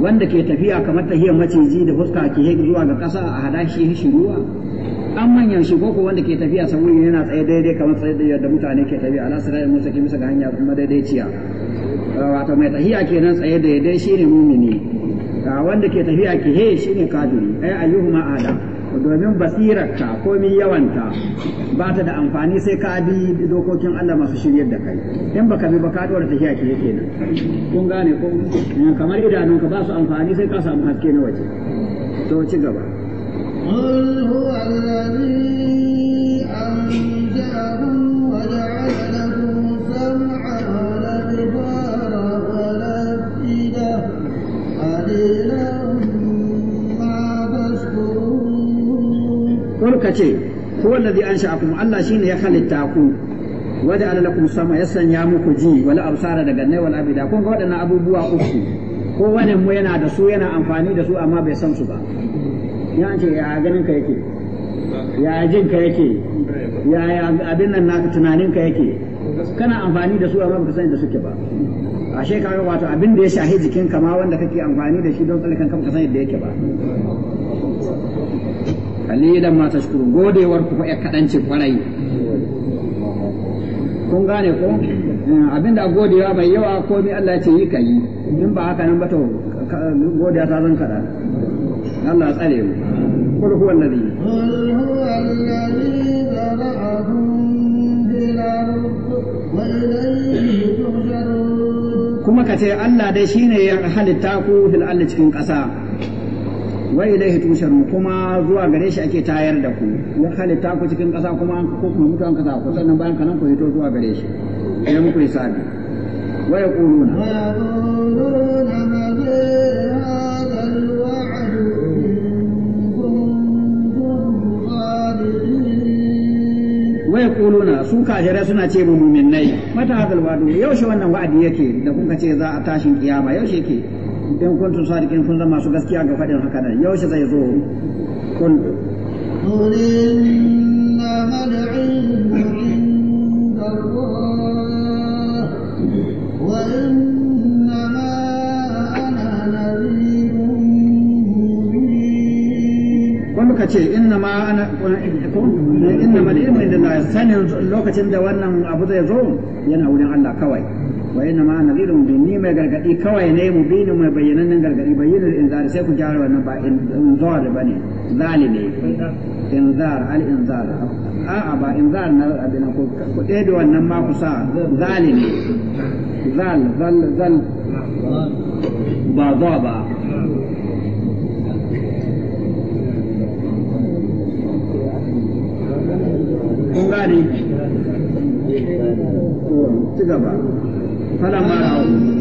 wanda ke tafiya kamar tahiyar maciji da fuska kihe zuwa ga ƙasa a hada shi shi ruwa an manyan shi koko wanda ke tafiya sauri yana tsaye daidai kamar tsaye da yadda mutane ke tafiya ala sirar musa ke bisa ga hanya kuma daidaiciya ah, wato mai tafiya kenan tsaye daidai shi ne mumini ah, wanda ke tafiya kihe shine kafiri ai ayyuhuma adam domin basirarka komi yawanta ba ta da amfani sai ka bi dokokin Allah masu shiryar da kai in baka bi baka dora ta shiya ke kenan kun gane ko eh, kamar idanunka ba su amfani sai ka samu haske na waje to ci gaba suka ce huwa allazi ansha'akum Allah shine ya halitta ku wada alalakum sama ya sanya muku ji wal absara da nai wal abida kun ga waɗannan abubuwa uku ko wani mu yana da su yana amfani da su amma bai san su ba ya ce ya ganin ka yake ya jin ka yake ya abin nan naka tunanin ka yake kana amfani da su amma baka sani da suke ba ashe ka wato abin da ya shahi jikin ka ma wanda kake amfani da shi don tsalkan ka baka sani da yake ba kalilan ma tashkuru godewar ku ya kadanci kwarai kun gane ko eh, abinda godewa bai yawa ko ni Allah ce yi kai in ba haka nan ba to godiya ta zan kada Allah ya tsare mu kul huwa alladhi Kuma huwa alladhi Allah dai shine ya halitta ku fil cikin ƙasa wa ilaihi tusharun kuma zuwa gare shi ake tayar da ku ya halitta ku cikin ƙasa kuma an ko kuma mutu an kasa ku sannan bayan kanan ku hito zuwa gare shi ya muku hisabi wa yaquluna wai kuluna su kafirai suna ce mu muminai mata hadal wadu yaushe wannan wa'adi yake da kun ce za a tashin kiyama yaushe yake in kuntum sadiqin kun zama su gaskiya ga faɗin haka nan yaushe zai zo kun ka ce inna ma ana inna ma da na da sanin lokacin da wannan abu zai zo yana wurin Allah kawai wa inna ma nadhirun bi ni mai gargadi kawai ne mu binu mai bayyanannen gargadi bayyinul inzar sai ku gyara wannan ba inzar bane zali ne inzar al inzar a'a ba inzar na abin ko ku dai da wannan ma ku sa zali ne zal zal zal ba za ba kun gane ci gaba فلما رأوا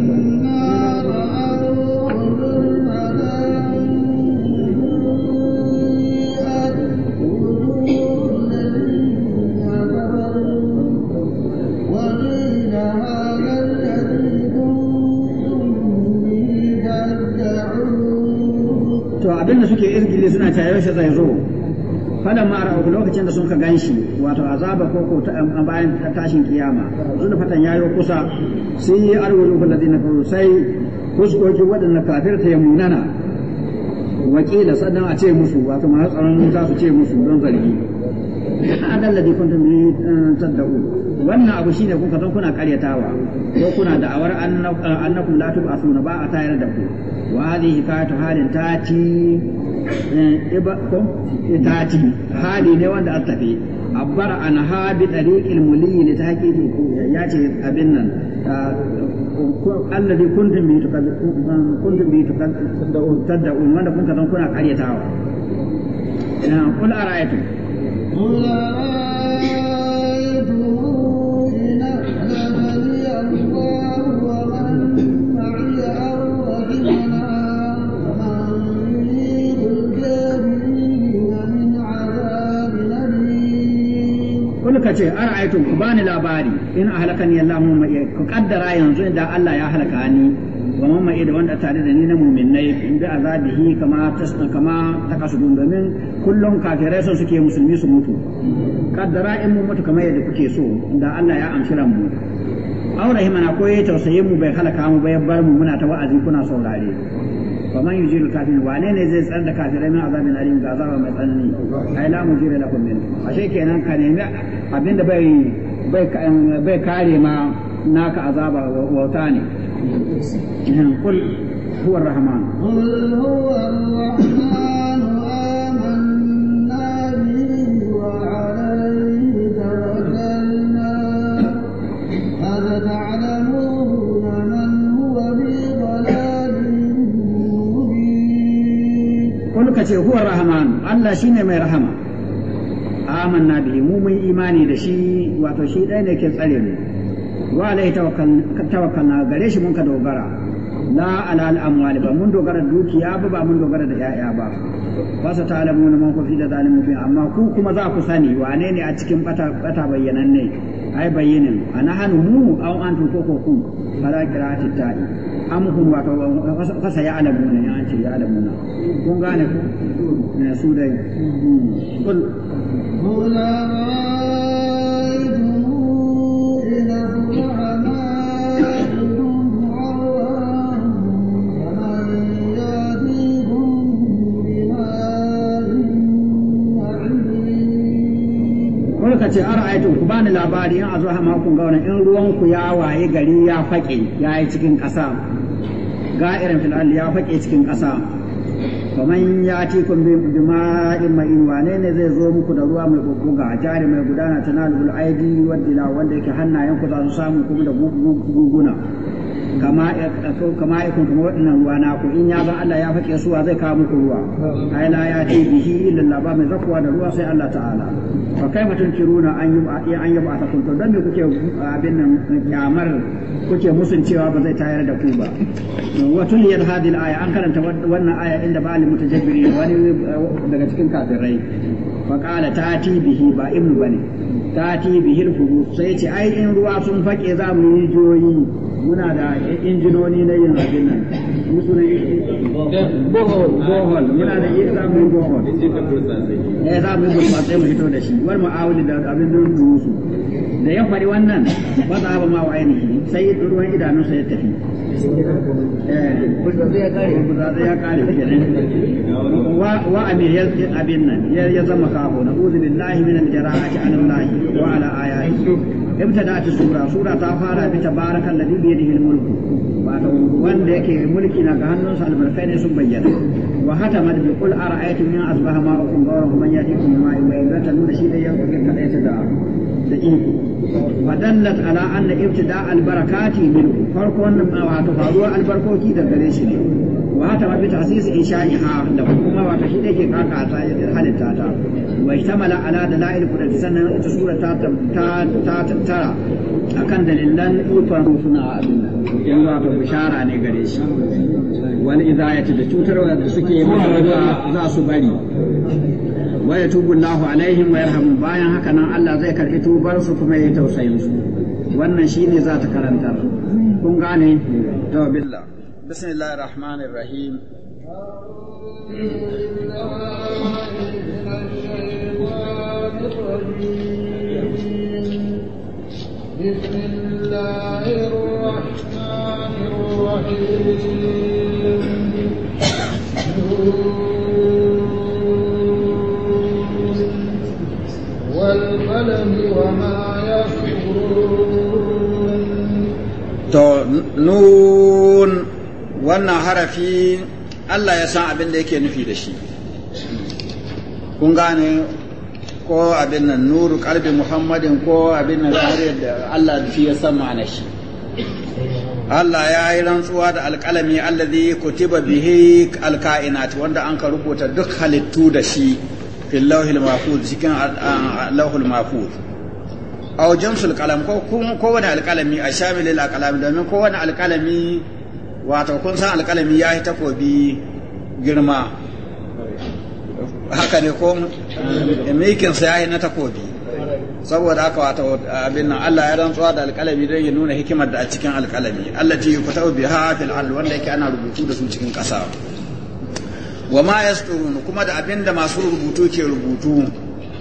to abinda suke izgili suna cewa yaushe zai zo falan ma ra'u lokacin da sun ka ganshi wato azaba ko ko um, bayan tashin kiyama zuna fatan yayo kusa sai yi arwalu alladina kafaru sai kuskoki waɗanda kafirta ya munana wakila sannan a ce musu wato ma tsaron za su ce musu don zargi adal ladhi kuntum bi uh, tad'u wannan abu shine kun san kuna karyatawa ko kuna da'awar uh, annakum la tub'asuna ba a tayar da ku wa hadhihi kayatu halin tati Eh, itati hali ne wanda an tafi abbar an ha bi tariqil muliyi li tahqiqi ya ce abin nan alladhi kuntum bi kuntum bi tad'un wanda kun zan kuna karyatawa qul ara'aytum qul ara'aytum suka ce ara'aytum ku bani labari in ahlakani Allah mun mai ku kaddara yanzu idan Allah ya halaka ni wa mai da wanda tare da ni na mu'minai bi azabihi kama tasna kama takasudun domin kullum kafirai sun suke musulmi su mutu kaddara in mu mutu kamar yadda kuke so da Allah ya amshi ran mu aure himana ko ya tausayin mu bai halaka mu bai bar mu muna ta wa'azi kuna saurare faman yujiru kafirin wane ne zai tsar da kafirai min azabin alim ga azaba mai tsanani ai la mujira lakum min ashe kenan ka nemi abinda bai bai kare ma naka azaba wauta ne kul huwa rahman qul huwa rahman ce huwa rahman Allah shine mai rahama amanna bihi mu mun imani da shi wato shi ɗaya ne ke tsare mu wa alaihi tawakkalna gare shi mun ka dogara la ala al ba mun dogara dukiya ba ba mun dogara da yaya ba ba sa ta'lamu na ku fi da zalimin fi amma ku kuma za ku sani wane ne a cikin bata bata ne ai bayyinin ana hanu mu au antum ko ko ku fara qira'ati ta'i amhum wato kasa ya alamu ne an ce ya alamu na kun gane ku ne su dai kul ce ara'aytum ku bani labari in azu ha ma kun ga wannan in ruwan ku ya waye gari ya fake ya yi cikin ƙasa ga'irin fil'al ya fake cikin ƙasa kamar ya ci kun bi jima'in mai wane ne zai zo muku da ruwa mai bubbuga jari mai gudana ta nalul aidi wadda wanda yake hannayen ku za su samu kuma da guguna kama kama ya kun kuma waɗannan ruwa na ku in ya ga Allah ya fake suwa zai kawo muku ruwa ai la ya ce bihi illa ba mai zakuwa da ruwa sai Allah ta'ala fa kai mutun kiruna an an yi ba ta kun to dan kuke abin nan kyamar kuke musun cewa ba zai tayar da ku ba wa ne hadhihi al-aya an karanta wannan aya inda ba al-mutajabbirin wani daga cikin kafirai fa qala ta ti bihi ba ibnu ne. tati bihil fubu sai ce ai in ruwa sun fake za mu yi joyi muna da injinoni na yin abin nan musu ne bohol muna da iya za mu yi bohol eh za mu yi sai mu fito da shi wal mu'awili da abin nan musu da ya faɗi wannan ba za ba ma wa ainihi sai ruwan idanunsa ya tafi wa amir ya abin nan ya zama kafo na uzu billahi min al-jara'ati an Allah wa ala ayati ibtada'at sura sura ta fara bi bara ladhi bi yadihi al-mulku wato wanda yake mulki na ga hannunsa albarkai ne sun bayyana wa hata mad bi qul ara'aytum min asbaha ma ma'ukum dawran man yatikum min ma'in bayn zata nuna shi da yanzu kin kada ta da da iko wa dallat ala anna ibtida al barakati min farko wannan wato faruwar albarkoki da gare shi ne wa ta mafi tasisi insha'iha da kuma wata shi da ke kaka ta halitta ta wa ishtamala ala dalail qudrat sannan ita sura ta ta ta tattara akan dalilan ikon a abin nan yanzu wato bishara ne gare shi wal idayati da cutarwa da suke mutuwa za su bari wa yatubu Allahu alaihim wa yarhamu bayan haka nan Allah zai karbi tubar su kuma ya tausayin su wannan shine za ta karantar kun gane to بسم الله الرحمن الرحيم بسم الله الرحمن الرحيم وما نون wannan harafi Allah ya san abin da yake nufi da shi kun gane ko abin nan nuru kalbi muhammadin ko abin nan da Allah shi ya san ma'ana shi Allah ya yi rantsuwa da alƙalami allazi kutiba bihi alka'inat wanda an ka rubuta duk halittu da shi fil lawhil mahfuz cikin ah, ah, lawhil mahfuz aw jinsul qalam ko kowane alƙalami a shamilil alƙalami domin kowane alƙalami wato kun san alƙalami ya yi takobi girma haka ne ko mikinsa ya yi na takobi saboda haka wato abin nan Allah ya rantsuwa da alƙalami don ya nuna hikimar da a cikin alƙalami Allah ta yi ha fil al wanda yake ana rubutu da su cikin ƙasa wa ma yasturun kuma da abin da masu rubutu ke rubutu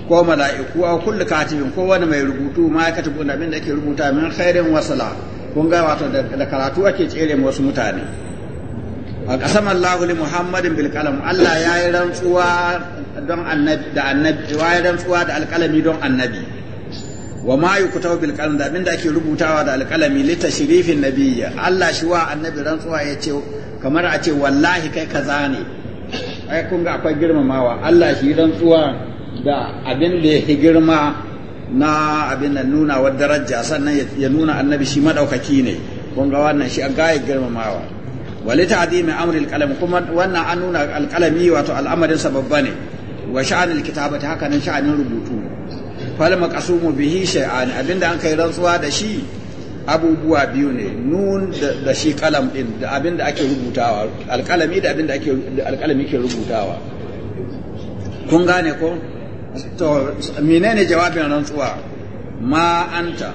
ko mala'iku a kullu katibin ko wani mai rubutu ma ya katibu abin da yake rubuta min khairin wasala kun ga wato da karatu ake tsere wasu mutane a kasam Allah li Muhammadin bil kalam Allah ya yi rantsuwa don annabi da annabi ya yi rantsuwa da alkalami don annabi wa ma yukutaw bil kalam da abinda ake rubutawa da alkalami li tashrifin nabiyya Allah shi wa annabi rantsuwa ya ce kamar a ce wallahi kai kaza ne ai kun ga akwai girmamawa Allah shi rantsuwa da abin da ya girma na abin nan nuna wa daraja sannan ya nuna annabi shi madaukaki ne kun ga wannan shi a gaya girmamawa wali ta'dimi amri alqalam kuma wannan an nuna alqalami wato al'amarin sa babba ne wa sha'anil kitabati haka nan sha'anin rubutu fal maqsumu bihi shay'an abinda an kai rantsuwa da shi abubuwa biyu ne nun da shi kalam din da abinda ake rubutawa alqalami da abinda ake alqalami ke rubutawa kun gane ko to menene jawabin tsuwa ma anta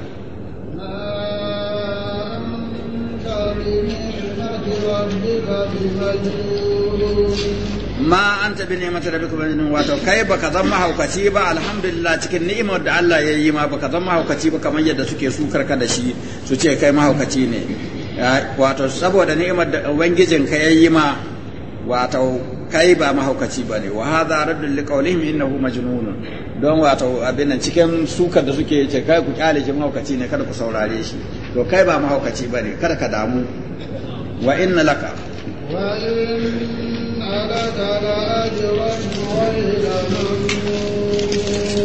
ma anta bi ni'mati rabbika majnun wato kai baka zan mahaukaci ba alhamdulillah cikin ni'imar da Allah ya yi ma baka zan mahaukaci ba kamar yadda suke su karka da shi su ce kai mahaukaci ne wato saboda ni'imar da ubangijin ka ya yi ma wato kai ba mahaukaci ba ne wa hadha raddul liqawlihim innahu majnun don wato abin nan cikin suka da suke ce kai ku kyale shi mahaukaci ne kada ku saurare shi to kai ba mahaukaci ba ne kada ka damu wa inna laka wa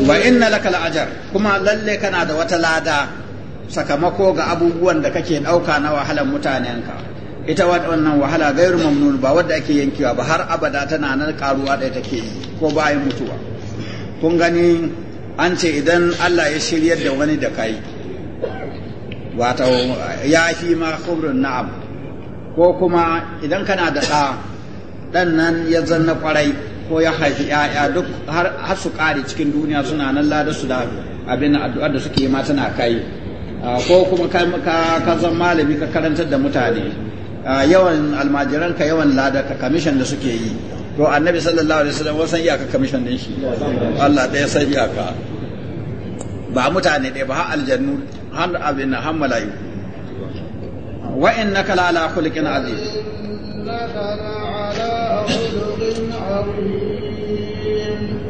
wa inna laka la ajr kuma lalle kana da wata lada sakamako ga abubuwan da kake dauka na wahalan mutanenka ita wannan wahala gairu mamnun ba wadda ake yankewa ba har abada tana nan karuwa ɗaya take yi ko bayan mutuwa kun gani an ce idan Allah ya shiryar da wani da kai wato ya fi ma khubrin na'am ko kuma idan kana da ɗa ɗan nan ya zanna kwarai ko ya haifi ‘ya'ya duk har su ƙare cikin duniya suna nan lada su da abin addu'ar da suke yi ma tana kai ko kuma ka zan malami ka karantar da mutane Ah, yawan almajiran ka yawan lada ka kamishan da suke yi to annabi sallallahu alaihi wasallam wasan iyaka kamishan din shi Allah ɗaya sai iyaka ba mutane ɗaya ba har aljannu har abin har malayu wa innaka la ala khuluqin azim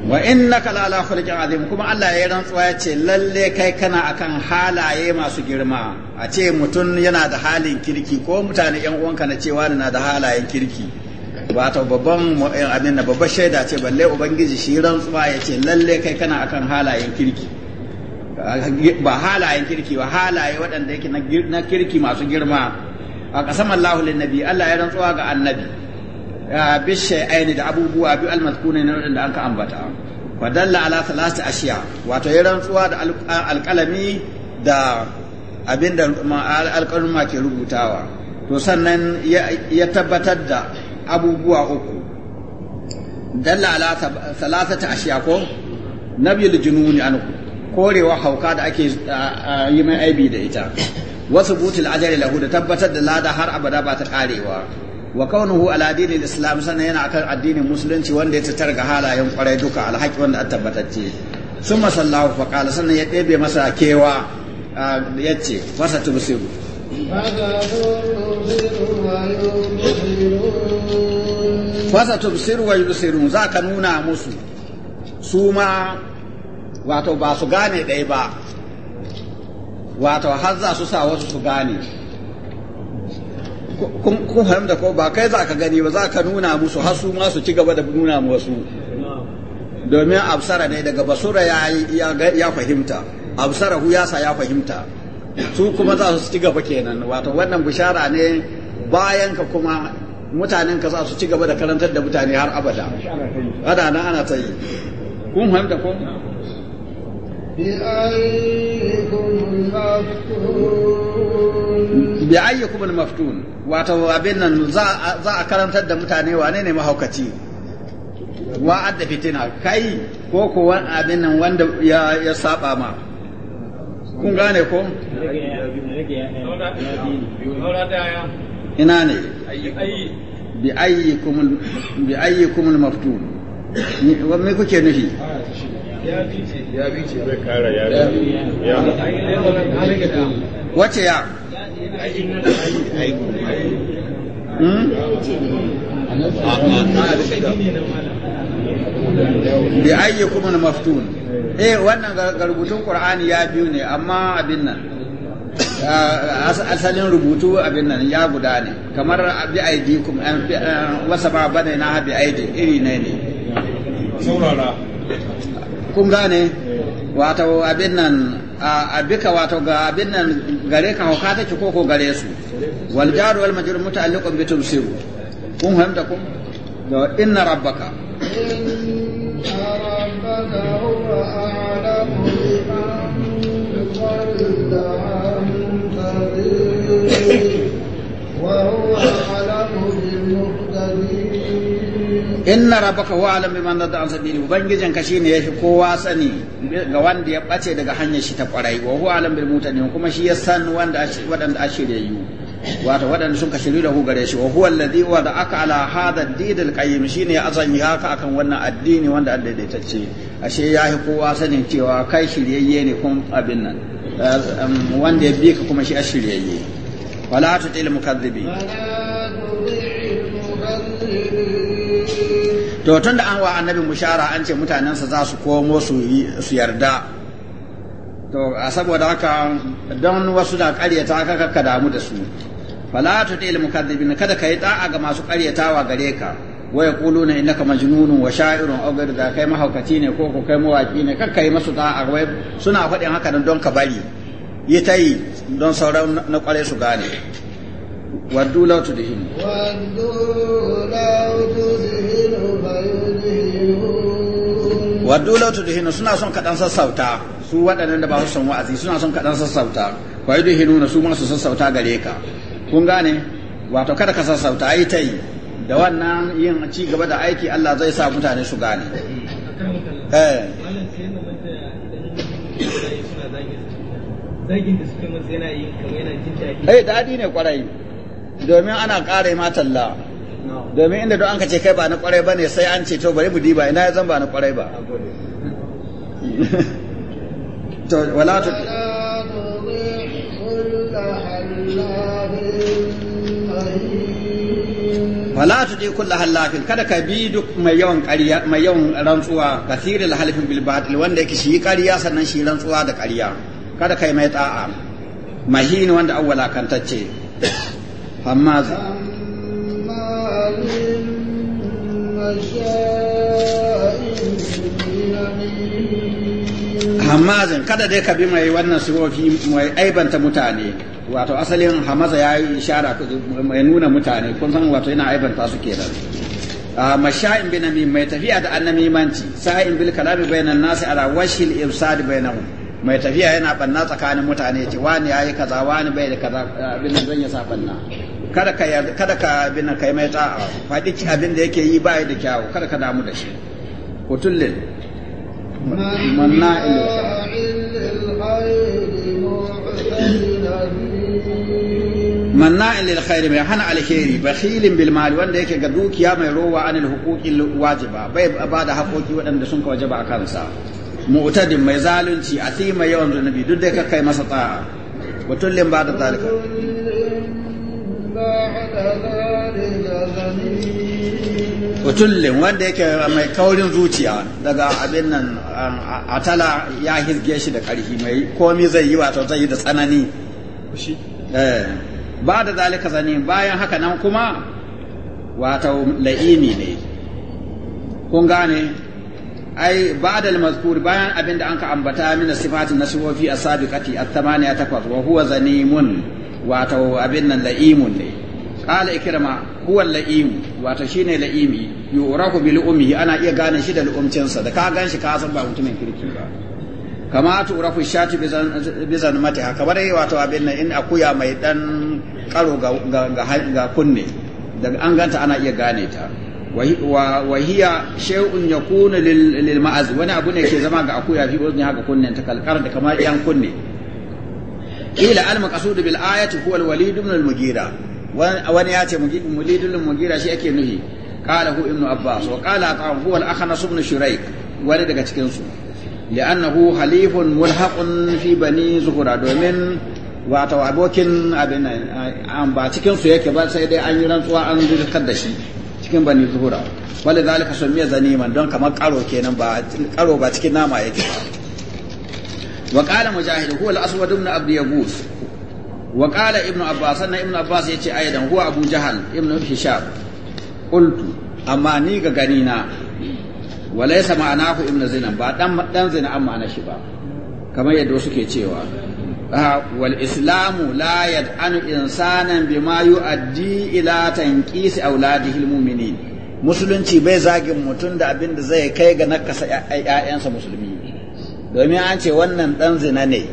wa innaka la ala khuluqin azim kuma Allah ya rantsuwa ya ce lalle kai kana akan halaye masu girma a ce mutum yana da halin kirki ko mutane yan uwanka na cewa na da halayen kirki wato babban abin da babbar shaida ce balle ubangiji shi rantsuwa ya ce lalle kai kana akan halayen kirki ba halayen kirki ba halaye waɗanda yake na kirki masu girma a saman lahulin lin nabi Allah ya rantsuwa ga annabi bishai aini da abubuwa biyu almazkuna na waɗanda an ka ambata fadalla ala salati ashiya wato ya rantsuwa da alƙalami da abin da alƙalma ke rubutawa to sannan ya tabbatar da abubuwa uku dalla ala salasata ashiya ko nabiyul jununi anhu korewa hauka da ake yi mai aibi da ita wasu butul ajali lahu da tabbatar da lada har abada ba ta karewa wa kaunuhu ala dinil islam sannan yana akan addinin musulunci wanda ya tattara ga halayen kwarai duka alhaki wanda an tabbatacce sun masallahu fa qala sannan ya ɗebe masa kewa ya ce masa tubsiru fasa tubsiru wa yubsirun za ka nuna musu su ma wato ba su gane ɗaya ba wato har za su sa wasu su gane kun fahimta ko ba kai za ka gani ba za ka nuna musu hasu ma su ci gaba da nuna wasu domin absara ne daga basura ya fahimta absara huyasa ya fahimta su kuma za su ci gaba kenan wato wannan bishara ne bayan ka kuma mutanen ka za su ci gaba da karantar da mutane har abada ana nan ana ta yi kun fahimta ko bi ayyukum al-maftun wato abin nan za a karantar da mutane wane ne mahaukaci wa'ad da fitina kai ko ko abin nan wanda ya saba ma kun gane ko ina ne bi ayyikum bi ayyikum al me kuke nufi ya bi ce zai kara ya wace ya bi ayi kuma na maftun eh wannan rubutun qur'ani ya biyu ne amma abin nan ah, asalin rubutu abin nan ya guda ne kamar bi aidi kuma eh, eh, wasa ba bane na bi aidi iri ne ne saurara kun gane wato abin nan abika ah, wato ga abin nan gare ka hauka take ko ko gare su wal jaru wal majrur muta'alliqun bi tumsiru kun kun da inna rabbaka rabbaka huwa a'lamu bi man inna rabbaka huwa alam man dadda an sabili ubangijin ka shine yafi kowa sani ga wanda ya bace daga hanyar shi ta kwarai wa huwa alam bil mutani kuma shi ya san wanda wadanda ashirye yi wato wadanda sun ka shiru da ku gare shi wa huwa alladhi aka ala hada didi al-qayyim shine ya azan haka akan wannan addini wanda Allah daidaitacce ashe yafi kowa sanin cewa kai shiryayye ne kun abin nan wanda ya bi ka kuma shi ashirye wala tutil mukaddibi to tun da an wa annabi mushara an ce mutanensa za su komo su yarda to a saboda haka don wasu da karyata ka kakka damu da su fala tutil mukaththibin kada kai da'a ga masu karyatawa gare ka wa yaquluna innaka majnunun wa sha'irun aw da kai mahaukaci ne ko ko kai mawaki ne kakka yi masu da'a wai suna faɗin haka don ka bari yi ta yi don sauran na kware su gane waddu law tudhinu waddu law tudhinu fayudhinun waddu suna son kaɗan sassauta su waɗannan da ba su son wa'azi suna son kaɗan sassauta fayudhinuna su ma su sassauta gare ka kun gane wato kada ka sassauta ai ta yi da wannan yin ci gaba da aiki Allah zai sa mutane su gane eh zagin da suke masa yana yi kamar yana jin daɗi. Eh daɗi ne kwarai. domin ana ƙara ma talla domin inda don an ka ce kai ba na ƙwarai ba ne sai an ce to bari mu diba ina ya zan ba na ƙwarai ba to wala to wala to di kullu halafin kada ka bi duk mai yawan ƙarya mai yawan rantsuwa kasirul halafin bil batil wanda yake shi ƙarya sannan shi rantsuwa da ƙarya kada kai mai ta'a mahin wanda awwala kantacce هماز hamazin kada dai ka bi mai wannan sifofi mai aibanta mutane wato asalin hamaza ya yi ishara mai nuna mutane kun san wato yana aibanta su nan masha'in binami mai tafiya da manci sa'in bil kalami bainan nasi ala washil ifsad bainahum mai tafiya yana banna tsakanin mutane ce wani yayi kaza wani bai da kaza abin da zan yasa banna kada ka kada ka abin kai mai ta faɗi abin da yake yi bai da kyau kada ka damu da shi kutullin manna manna'in lil khair mai hana alheri bakhilin bil mali wanda yake ga dukiya mai rowa anil huquqil wajiba bai ba da haƙoƙi waɗanda sun ka wajaba a kansa mu'tadin mai zalunci a tsima yawan zunubi duk da ka kai masa ta'a wa tullin ba da zalika wa tullin wanda yake mai kaurin zuciya daga abin nan um, a tala ya hizge shi da ƙarfi mai komi zai yi wato zai yi da tsanani eh, ba da zalika zani bayan haka nan kuma wato la'imi ne kun gane ai da mazkur bayan abinda an ka ambata min sifatin nasibofi a sabiqati at-thamaniya takwas wa huwa zanimun wato abin nan la'imun ne qala ikrama huwa la'im wato shine la'imi yuraku bil ummi ana iya gane shi da lu'umcinsa, da ka gan shi ka san ba mutumin kirki ba kama turaku shati bizan mati haka bare wato abin nan in akuya mai dan karo ga ga kunne daga an ganta ana iya gane ta wa hiya shay'un yakunu lil ma'az wani abu ne ke zama ga akuya fi wajen haka kunnen ta kalkar da kamar yan kunne kila al maqsud bil ayati huwa al walid ibn al mugira wani ya walid ibn al mugira shi ake nufi qala hu ibn abbas wa qala ta huwa al akhnas ibn shuraik wani daga cikin su li'annahu halifun mulhaqun fi bani zuhra domin wato abokin abin nan ba cikin su yake ba sai dai an yi rantsuwa an zurkar da shi cikin bani zuhura wale zalika sumiya zaniman don kamar karo kenan ba karo ba cikin nama yake wa qala mujahid huwa al-aswad ibn abd yaghus wa qala ibn abbas anna ibn abbas yace aidan huwa abu jahal ibn hisham qultu amma ni ga gani na walaysa ma'anahu ibn zina ba dan dan zina amma na shi ba kamar yadda suke cewa Ah, wal islamu la yad'anu insanan bima yu'addi ila tanqis auladihi almu'minin musulunci bai zagin mutum da abin da zai kai ga nakasa ƴaƴansa musulmi domin an ce wannan dan zina ne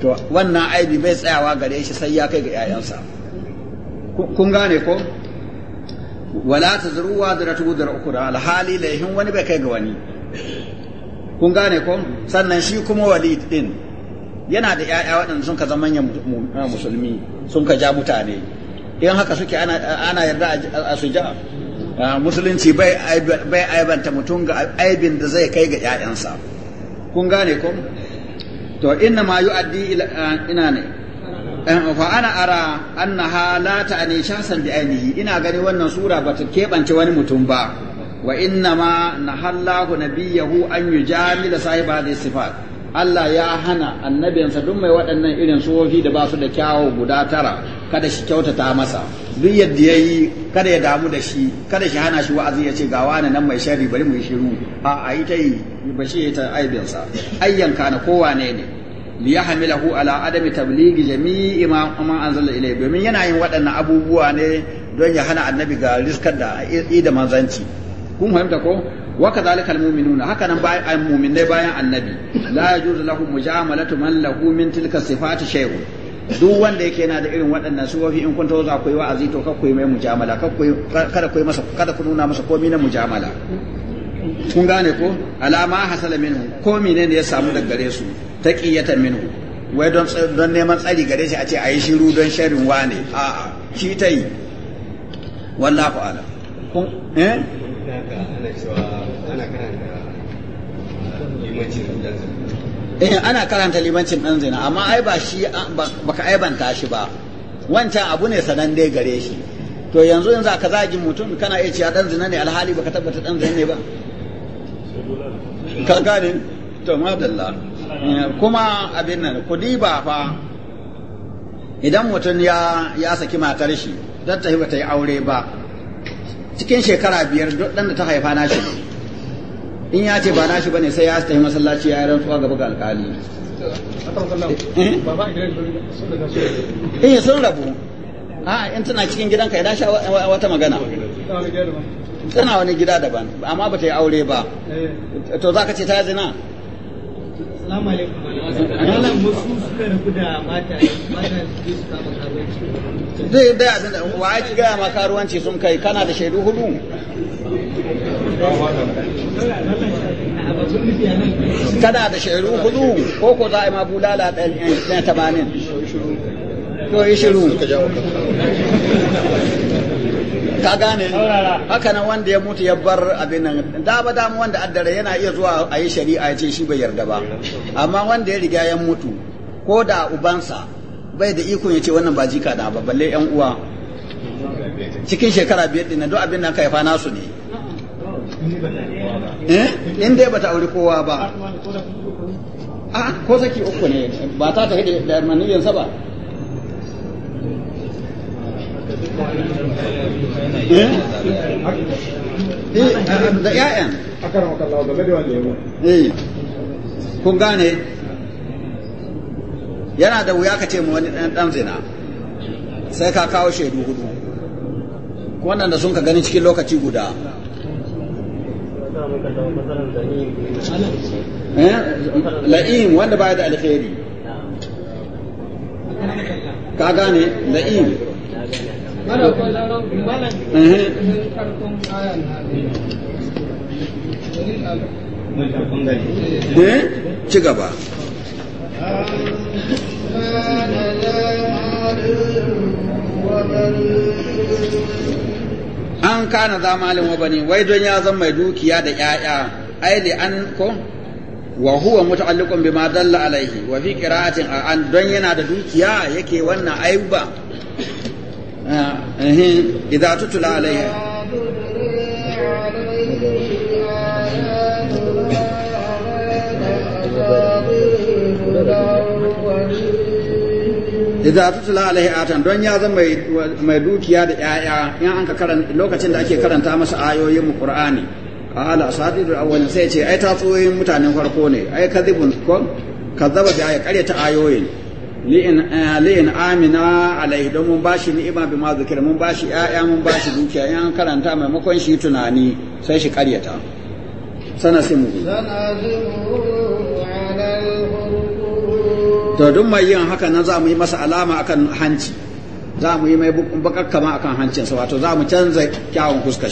to wannan aibi bai tsayawa gare shi sai ya kai ga ƴaƴansa kun gane ko wala ta zuruwa da ratu da ukura alhali laihin wani bai kai ga wani kun gane ko sannan shi kuma walid din yana da ‘ya'ya waɗanda sun ka zama musulmi sun ka ja mutane in haka suke ana yarda a su ja musulunci bai aibanta mutum ga aibin da zai kai ga ‘ya'yansa kun gane ko to inna ma yu'addi ina ne eh, fa ana ara annaha la ta'ni shasan bi ainihi ina gani wannan sura bata keɓance wani mutum ba wa inna ma nahallahu nabiyahu an yujamila sahiba hadhihi sifat Allah ya hana annabinsa duk mai waɗannan irin suwofi da ba su da kyawo guda tara kada shi kyautata masa duk yadda ya yi kada ya damu da shi kada shi hana shi wa'azi ya ce ga wani nan mai shari bari mu yi shiru a a yi ta yi ba shi ta aibinsa ayyanka na kowa ne li yahmilahu ala adami tablighi jami'i ma ma anzala Ilai, domin yana yin waɗannan abubuwa ne don ya hana annabi ga riskar da da manzanci kun fahimta ko wa kadhalika almu'minuna haka nan bayan mu'minai bayan annabi la yajuzu lahum mujamalatu man lahu min tilka sifati shay'un duk wanda yake yana da irin waɗannan sufofi in kun ta za ku yi wa'azi to kakku mai mujamala kada ku masa kada ku nuna masa komai na mujamala kun gane ko alama hasala minhu ko ne ne ya samu daga gare su taqiyatan minhu wai don don neman tsari gare shi a ce ayi shiru don sharin wane a'a shi tai wallahu a'lam kun eh Ah, eh ana karanta limancin ɗan zina amma ai ba shi baka aibanta shi ba wancan abu ne sananne gare shi to yanzu in za ka zagin mutum kana iya cewa ɗan zina ne alhali baka tabbata ɗan zina ne ba ka gane to madalla eh, kuma abin nan kudi ba fa idan mutum ya ya saki matar shi don ta ba ta yi aure ba cikin shekara biyar duk ɗan da ta haifa nashi in ya ce ba nashi bane sai ya tafi masallaci ya rantsuwa gaba ga alkali eh, eh sun rabu a in tana cikin gidan gidanka idan sha wata magana tana wani gida daban amma ba ta yi aure ba eh. to zaka ce ta zina Assalamu alaikum. Malam wasu suka rabu da mata mata su su kama karuwanci. da wa ake gaya ma karuwanci sun kai kana da shaidu hudu. Kana da shaidu hudu ko ko za a yi ma bulala ɗan tamanin. To yi shiru. ka gane haka nan wanda ya mutu ya bar abin nan da ba damu wanda addare yana iya zuwa a yi shari'a ya ce shi bai yarda ba amma wanda ya riga ya mutu ko da ubansa bai da ikon ya ce wannan ba jika da ba balle yan uwa cikin shekara biyar din duk abin nan kai fa nasu ne eh in dai bata aure kowa ba a ah, ko saki uku ne ba ta ta hidda da maniyansa ba da ƴaƴan kun gane yana da wuya ka ce mu wani ɗan ɗan zina sai ka kawo shaidu hudu waɗanda sun ka gani cikin lokaci guda la'im wanda baya da alheri ka gane la'im Eh? ci gaba an kana za malin wa bani wai don ya zan mai dukiya da 'ya'ya ai da an ko wa huwa muta'alliqun bima dalla alaihi wa fi qira'atin an don yana da dukiya yake wannan aiba إذا تتلى عليها idza don ya zama mai dukiya da yaya in an ka karanta lokacin da ake karanta masa ayoyin qur'ani qala asatirul awwalin sai ce ai tatsoyin mutanen farko ne ai kadhibun ko kazzaba bi ayati ta ayoyin Eh, li'in amina alaihi don mun bashi ni'ima bi ma mun bashi ya'ya mun bashi dukiya in karanta maimakon shi tunani sai shi karyata sana simu to duk mai yin haka nan za mu yi masa alama akan hanci za mu yi mai bakakka ma akan hancinsa wato za mu canza kyawun fuskar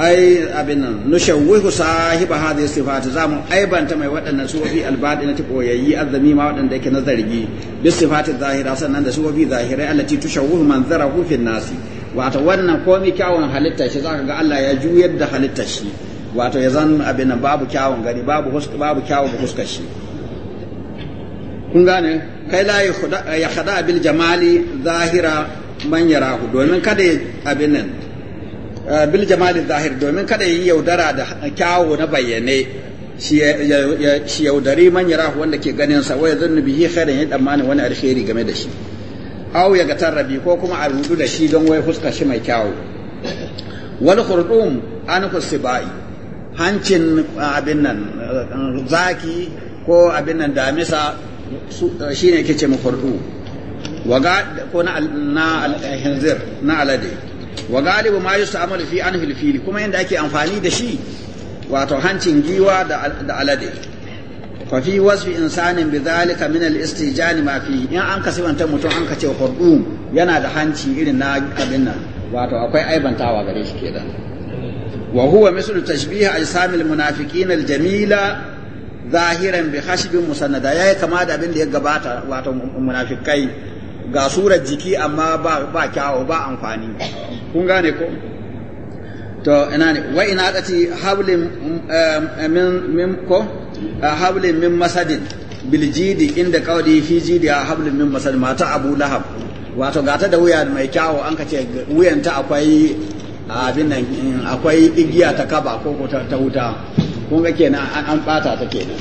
ai abin nan nushawwihu sahiba hadhihi sifat za mu aibanta mai waɗannan sufofi albadina ta azami ma waɗanda yake na zargi bi sifati zahira sannan da sufofi zahirai allati tushawwihu manzarahu fi nasi wato wannan komai kyawun halitta shi zaka ga Allah ya juyar da halitta shi wato ya zan abin nan babu kyawun gani babu huska babu kyawun huskar shi kun gane kai la ya khada bil jamali zahira man yarahu domin kada abin nan Eh, bil jamali zahir domin kada yi yaudara da kyawo na bayyane shi yaudari man yara wanda ke ganin sa waya zan bihi khairin ya tsammani wani alheri game da shi aw ya gatar rabi ko kuma a rudu da shi don wai fuska shi mai kyawu. wal khurdum an kusibai hancin eh, abin nan eh, zaki ko abin nan damisa shine yake ce mu khurdu waga ko na na alhinzir na alade wa galibu ma yusta'malu fi anfil fil kuma inda ake amfani da shi wato hancin giwa da alade fa fi wasfi insanin bidhalika min al-istijan ma fi in an ka sibanta mutum an ka ce hurdum yana da hanci irin na abin nan wato akwai aibantawa gare shi kenan wa huwa mislu tashbih ajsamil munafiqin al-jamila zahiran bi khashbin musannada yayi kama da abin da ya gabata wato munafikai ga surar jiki amma ba ba ba amfani kun gane ko to ina ne wa ina tati hablin um, eh, min min ko eh, hablin min masadin biljidi inda kawai fi jidi a hablin min masal mata abu lahab wato gata da wuya mai kyawo an ka ce wuyanta akwai abin nan akwai igiya ta kaba ko ta wuta kun ga kenan an bata ta kenan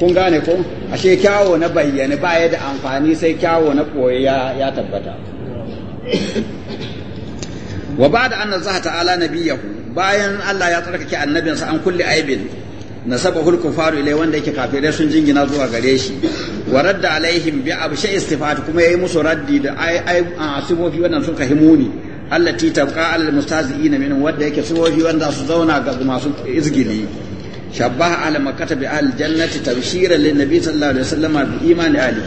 kun gane ko ashe kyawo na bayyane ba ya da amfani sai kyawo na koyi ya tabbata wa ba da annan zaha ta'ala biyahu bayan Allah ya tsarkake annabinsa an kulle aibin nasabahul faru ilai wanda yake kafirai sun jingina zuwa gare shi wa radda alaihim bi abu absha istifat kuma yi musu raddi da ai asibofi wannan sun muni. allati tabqa al mustahzi'ina min wanda yake sibofi wanda su zauna ga masu izgili شبه على مكة بأهل الجنة تبشيرا للنبي صلى الله عليه وسلم بإيمان أهله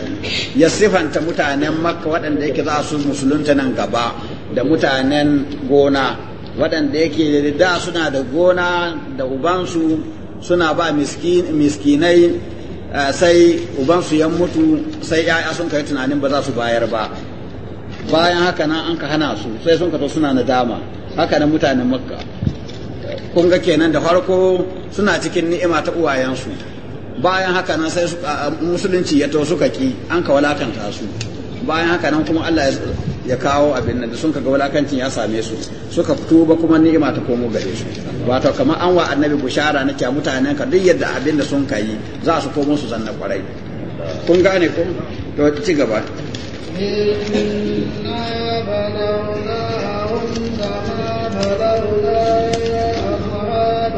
يصف أن متعنين مكة وأن ديك ذا مسلم تنقبا da mutanen gona waɗanda yake da suna da gona da ubansu suna ba miskinai sai ubansu ya mutu sai ya'ya sun kai tunanin ba za su bayar ba bayan haka nan an ka hana su sai sun ka suna nadama haka nan mutanen makka kun ga kenan da farko suna cikin ni'ima ta uwayensu bayan haka nan sai musulunci ya tausu ka ki an ka walakanta su bayan haka nan kuma Allah ya kawo abin da sun kaga walakancin ya same su suka fito ba kuma ni'ima ta komo gare su wato kamar an wa annabi bushara na kya mutanen ka duk yadda abin da sun kayi za su komo su zanna kwarai kun gane ko to ci gaba